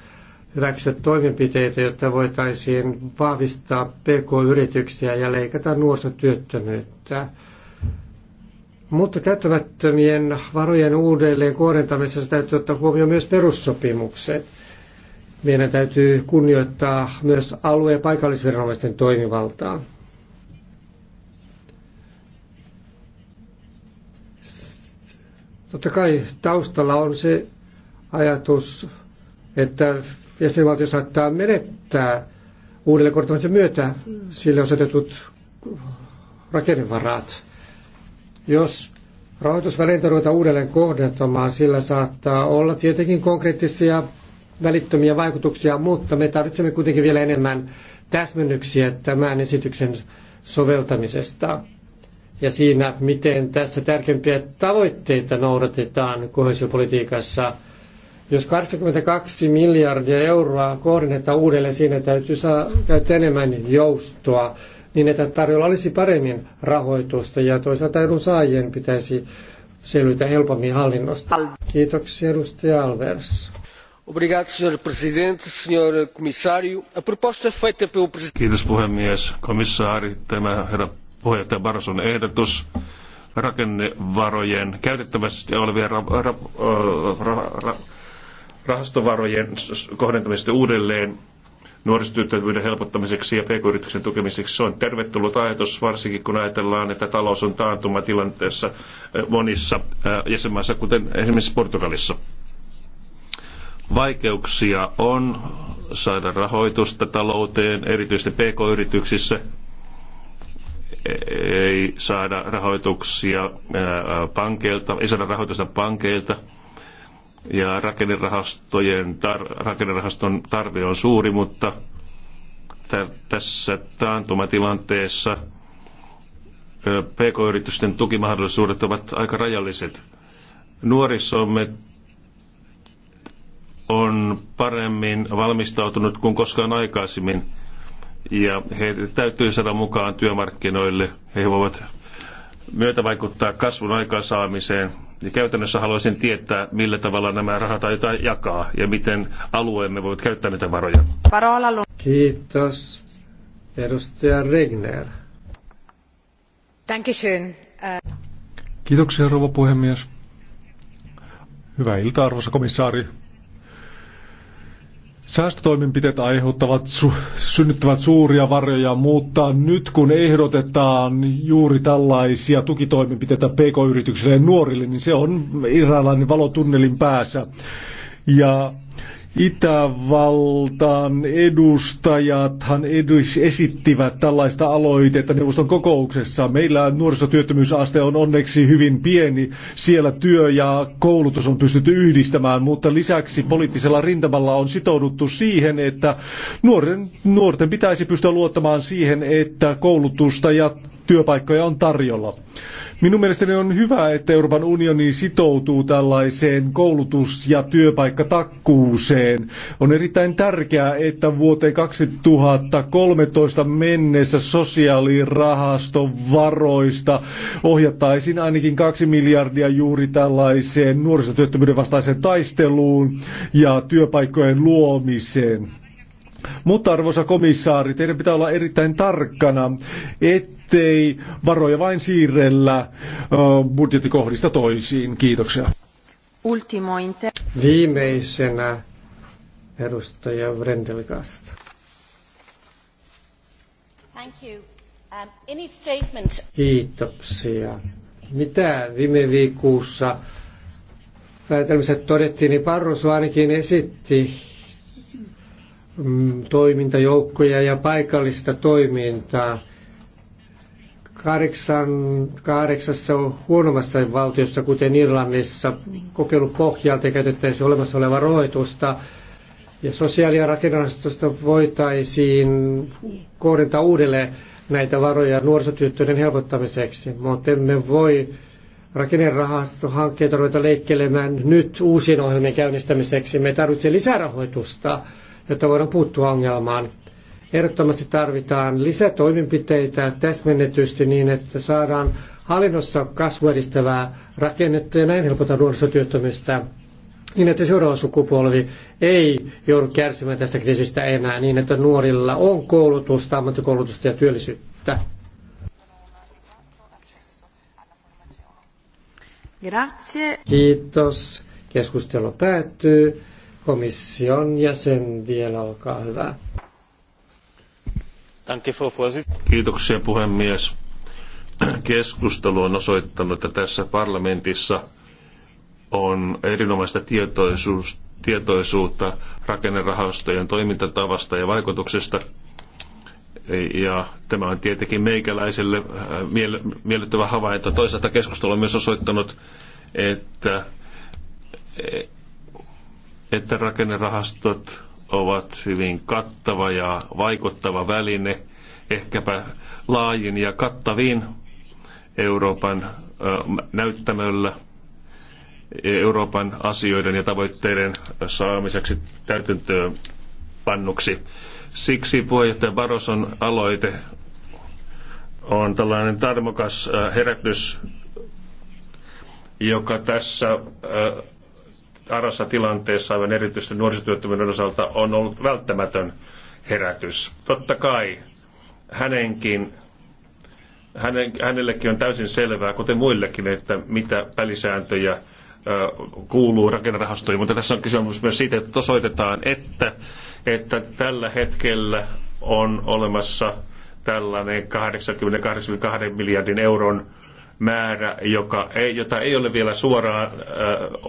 Speaker 1: hyväksyä toimenpiteitä, jotta voitaisiin vahvistaa pk-yrityksiä ja leikata nuorisotyöttömyyttä. Mutta käyttämättömien varojen uudelleen kohdentamisessa täytyy ottaa huomioon myös perussopimukset – meidän täytyy kunnioittaa myös alue- ja paikallisviranomaisten toimivaltaa. Totta kai taustalla on se ajatus, että jäsenvaltio saattaa menettää uudelle myötä sille osoitetut rakennevaraat. Jos rahoitusvälineitä ruvetaan uudelleen kohdentamaan, sillä saattaa olla tietenkin konkreettisia välittömiä vaikutuksia, mutta me tarvitsemme kuitenkin vielä enemmän täsmennyksiä tämän esityksen soveltamisesta ja siinä, miten tässä tärkeimpiä tavoitteita noudatetaan kohesiopolitiikassa. Jos 22 miljardia euroa kohdennetaan uudelleen, siinä täytyy saa käyttää enemmän joustoa, niin että tarjolla olisi paremmin rahoitusta ja toisaalta edun saajien pitäisi selvitä helpommin hallinnosta. Kiitoksia edustaja Alvers. Sr. Presidente, A proposta feita pelo presidente...
Speaker 3: Kiitos puhemies. Komissaari, tämä ehdotus rakennevarojen käytettävässä olevien ra, ra, ra, rahastovarojen kohdentamisesta uudelleen nuorisotyöttömyyden helpottamiseksi ja pk-yrityksen tukemiseksi. Se on tervetullut ajatus, varsinkin kun ajatellaan, että talous on taantumatilanteessa äh, monissa äh, jäsenmaissa, kuten esimerkiksi Portugalissa. Vaikeuksia on saada rahoitusta talouteen, erityisesti pk-yrityksissä. Ei saada rahoituksia pankeilta, ei saada rahoitusta pankeilta ja rakennerahastojen tar- rakennerahaston tarve on suuri, mutta tässä taantumatilanteessa pk-yritysten tukimahdollisuudet ovat aika rajalliset. Nuorisomme on paremmin valmistautunut kuin koskaan aikaisemmin. Ja he täytyy saada mukaan työmarkkinoille. He voivat myötävaikuttaa kasvun aikaansaamiseen. Ja käytännössä haluaisin tietää, millä tavalla nämä rahat aiotaan jakaa ja miten alueemme voivat käyttää näitä varoja.
Speaker 1: Kiitos. Edustaja Regner.
Speaker 2: Dankeschön.
Speaker 1: Kiitoksia, rouva puhemies.
Speaker 2: Hyvää iltaa, arvoisa komissaari. Säästötoimenpiteet aiheuttavat su- synnyttävät suuria varjoja, mutta nyt kun ehdotetaan juuri tällaisia tukitoimenpiteitä pk-yrityksille ja nuorille, niin se on eräänlainen valotunnelin päässä. Ja Itävaltan edustajathan edus, esittivät tällaista aloitetta neuvoston kokouksessa. Meillä nuorisotyöttömyysaste on onneksi hyvin pieni. Siellä työ ja koulutus on pystytty yhdistämään, mutta lisäksi poliittisella rintamalla on sitouduttu siihen, että nuoren, nuorten pitäisi pystyä luottamaan siihen, että koulutusta ja työpaikkoja on tarjolla. Minun mielestäni on hyvä, että Euroopan unioni sitoutuu tällaiseen koulutus- ja työpaikkatakkuuseen edelleen. On erittäin tärkeää, että vuoteen 2013 mennessä sosiaalirahaston varoista ohjattaisiin ainakin 2 miljardia juuri tällaiseen nuorisotyöttömyyden vastaiseen taisteluun ja työpaikkojen luomiseen. Mutta arvoisa komissaari, teidän pitää olla erittäin tarkkana, ettei varoja vain siirrellä budjettikohdista toisiin. Kiitoksia.
Speaker 1: Viimeisenä edustaja Vrendelgast. Thank you. Um, any statement... Kiitoksia. Mitä viime viikossa päätelmissä todettiin, niin Parroso ainakin esitti mm, toimintajoukkoja ja paikallista toimintaa. Kahdeksan, kahdeksassa huonommassa valtiossa, kuten Irlannissa, kokeilu pohjalta käytettäisiin olemassa olevaa rahoitusta ja sosiaali- ja rakennerahastosta voitaisiin kohdentaa uudelleen näitä varoja nuorisotyöttöiden helpottamiseksi, mutta emme voi rakennerahastohankkeita ruveta leikkelemään nyt uusien ohjelmien käynnistämiseksi. Me tarvitsemme lisärahoitusta, jotta voidaan puuttua ongelmaan. Ehdottomasti tarvitaan lisätoimenpiteitä täsmennetysti niin, että saadaan hallinnossa kasvua edistävää rakennetta ja näin helpotaan nuorisotyöttömyystä niin, että seuraava sukupolvi ei joudu kärsimään tästä kriisistä enää niin, että nuorilla on koulutusta, ammattikoulutusta ja työllisyyttä. Grazie. Kiitos. Keskustelu päättyy. Komission jäsen vielä, olkaa hyvä.
Speaker 3: Kiitoksia puhemies. Keskustelu on osoittanut, että tässä parlamentissa – on erinomaista tietoisuus, tietoisuutta rakennerahastojen toimintatavasta ja vaikutuksesta. Ja tämä on tietenkin meikäläiselle äh, miele- miellyttävä havainto. Toisaalta keskustelu on myös osoittanut, että, e, että rakennerahastot ovat hyvin kattava ja vaikuttava väline, ehkäpä laajin ja kattavin Euroopan näyttämöllä – Euroopan asioiden ja tavoitteiden saamiseksi täytäntöön pannuksi. Siksi puheenjohtaja Baroson aloite on tällainen tarmokas äh, herätys, joka tässä äh, arassa tilanteessa, aivan erityisesti nuorisotyöttömyyden osalta, on ollut välttämätön herätys. Totta kai hänenkin, hänellekin on täysin selvää, kuten muillekin, että mitä pelisääntöjä kuuluu rakennerahastoihin, mutta tässä on kysymys myös siitä, että osoitetaan, että, että tällä hetkellä on olemassa tällainen 80-82 miljardin euron määrä, joka ei, jota ei ole vielä suoraan äh,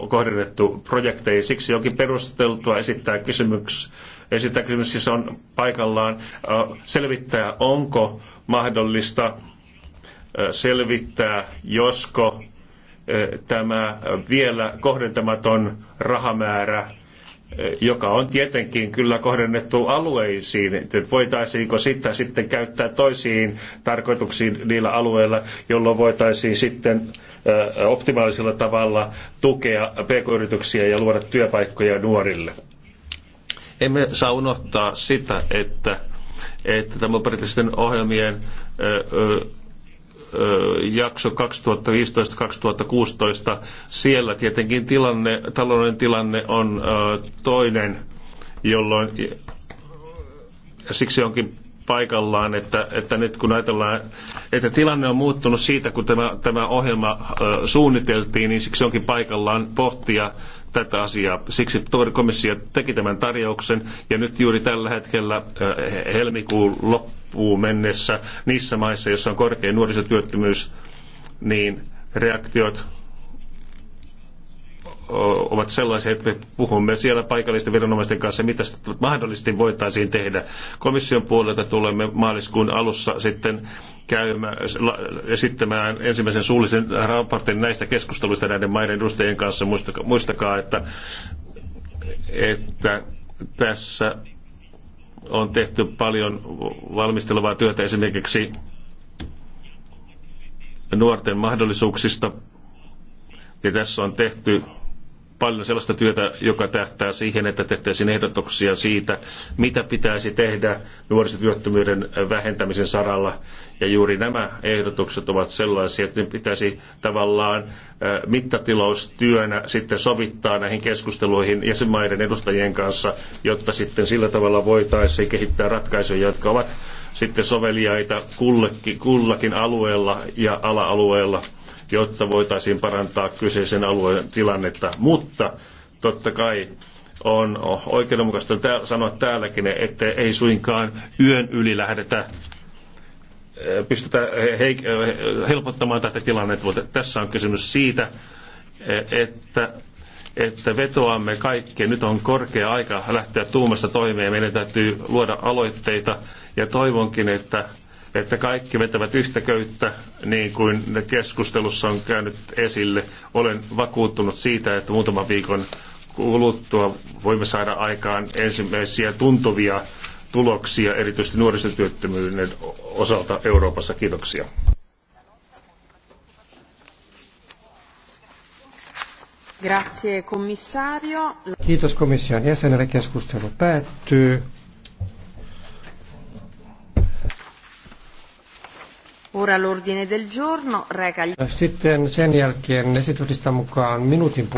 Speaker 3: kohdennettu projekteihin. Siksi onkin perusteltua esittää kysymys, esittää kysymys siis on paikallaan äh, selvittää, onko mahdollista äh, selvittää, josko tämä vielä kohdentamaton rahamäärä, joka on tietenkin kyllä kohdennettu alueisiin, että voitaisiinko sitä sitten käyttää toisiin tarkoituksiin niillä alueilla, jolloin voitaisiin sitten optimaalisella tavalla tukea pk-yrityksiä ja luoda työpaikkoja nuorille. Emme saa unohtaa sitä, että, että tämä poliittisten ohjelmien jakso 2015-2016. Siellä tietenkin tilanne, talouden tilanne on toinen, jolloin siksi onkin paikallaan, että, että nyt kun ajatellaan, että tilanne on muuttunut siitä, kun tämä, tämä ohjelma suunniteltiin, niin siksi onkin paikallaan pohtia tätä asiaa. Siksi komissio teki tämän tarjouksen ja nyt juuri tällä hetkellä äh, helmikuun loppuun mennessä niissä maissa, joissa on korkein nuorisotyöttömyys, niin reaktiot ovat sellaisia, että me puhumme siellä paikallisten viranomaisten kanssa, mitä mahdollisesti voitaisiin tehdä. Komission puolelta tulemme maaliskuun alussa sitten käymään, esittämään ensimmäisen suullisen raportin näistä keskusteluista näiden maiden edustajien kanssa. Muistakaa, muistakaa että, että tässä on tehty paljon valmistelevaa työtä esimerkiksi nuorten mahdollisuuksista. Ja tässä on tehty paljon sellaista työtä, joka tähtää siihen, että tehtäisiin ehdotuksia siitä, mitä pitäisi tehdä nuorisotyöttömyyden vähentämisen saralla. Ja juuri nämä ehdotukset ovat sellaisia, että ne pitäisi tavallaan mittatilaustyönä sitten sovittaa näihin keskusteluihin jäsenmaiden edustajien kanssa, jotta sitten sillä tavalla voitaisiin kehittää ratkaisuja, jotka ovat sitten soveliaita kullekin, kullakin alueella ja ala-alueella jotta voitaisiin parantaa kyseisen alueen tilannetta. Mutta totta kai on oikeudenmukaista sanoa täälläkin, että ei suinkaan yön yli lähdetä eh, pystytä eh, eh, helpottamaan tätä tilannetta, mutta tässä on kysymys siitä, että, että vetoamme kaikkeen. Nyt on korkea aika lähteä tuumasta toimeen. Meidän täytyy luoda aloitteita ja toivonkin, että että kaikki vetävät yhtä köyttä, niin kuin keskustelussa on käynyt esille. Olen vakuuttunut siitä, että muutaman viikon kuluttua voimme saada aikaan ensimmäisiä tuntuvia tuloksia, erityisesti nuorisotyöttömyyden osalta Euroopassa. Kiitoksia.
Speaker 1: Grazie, Kiitos komission jäsenelle. Keskustelu päättyy. Ora l'ordine del giorno reca... Sitten sen jälkeen esityslistan mukaan minuutin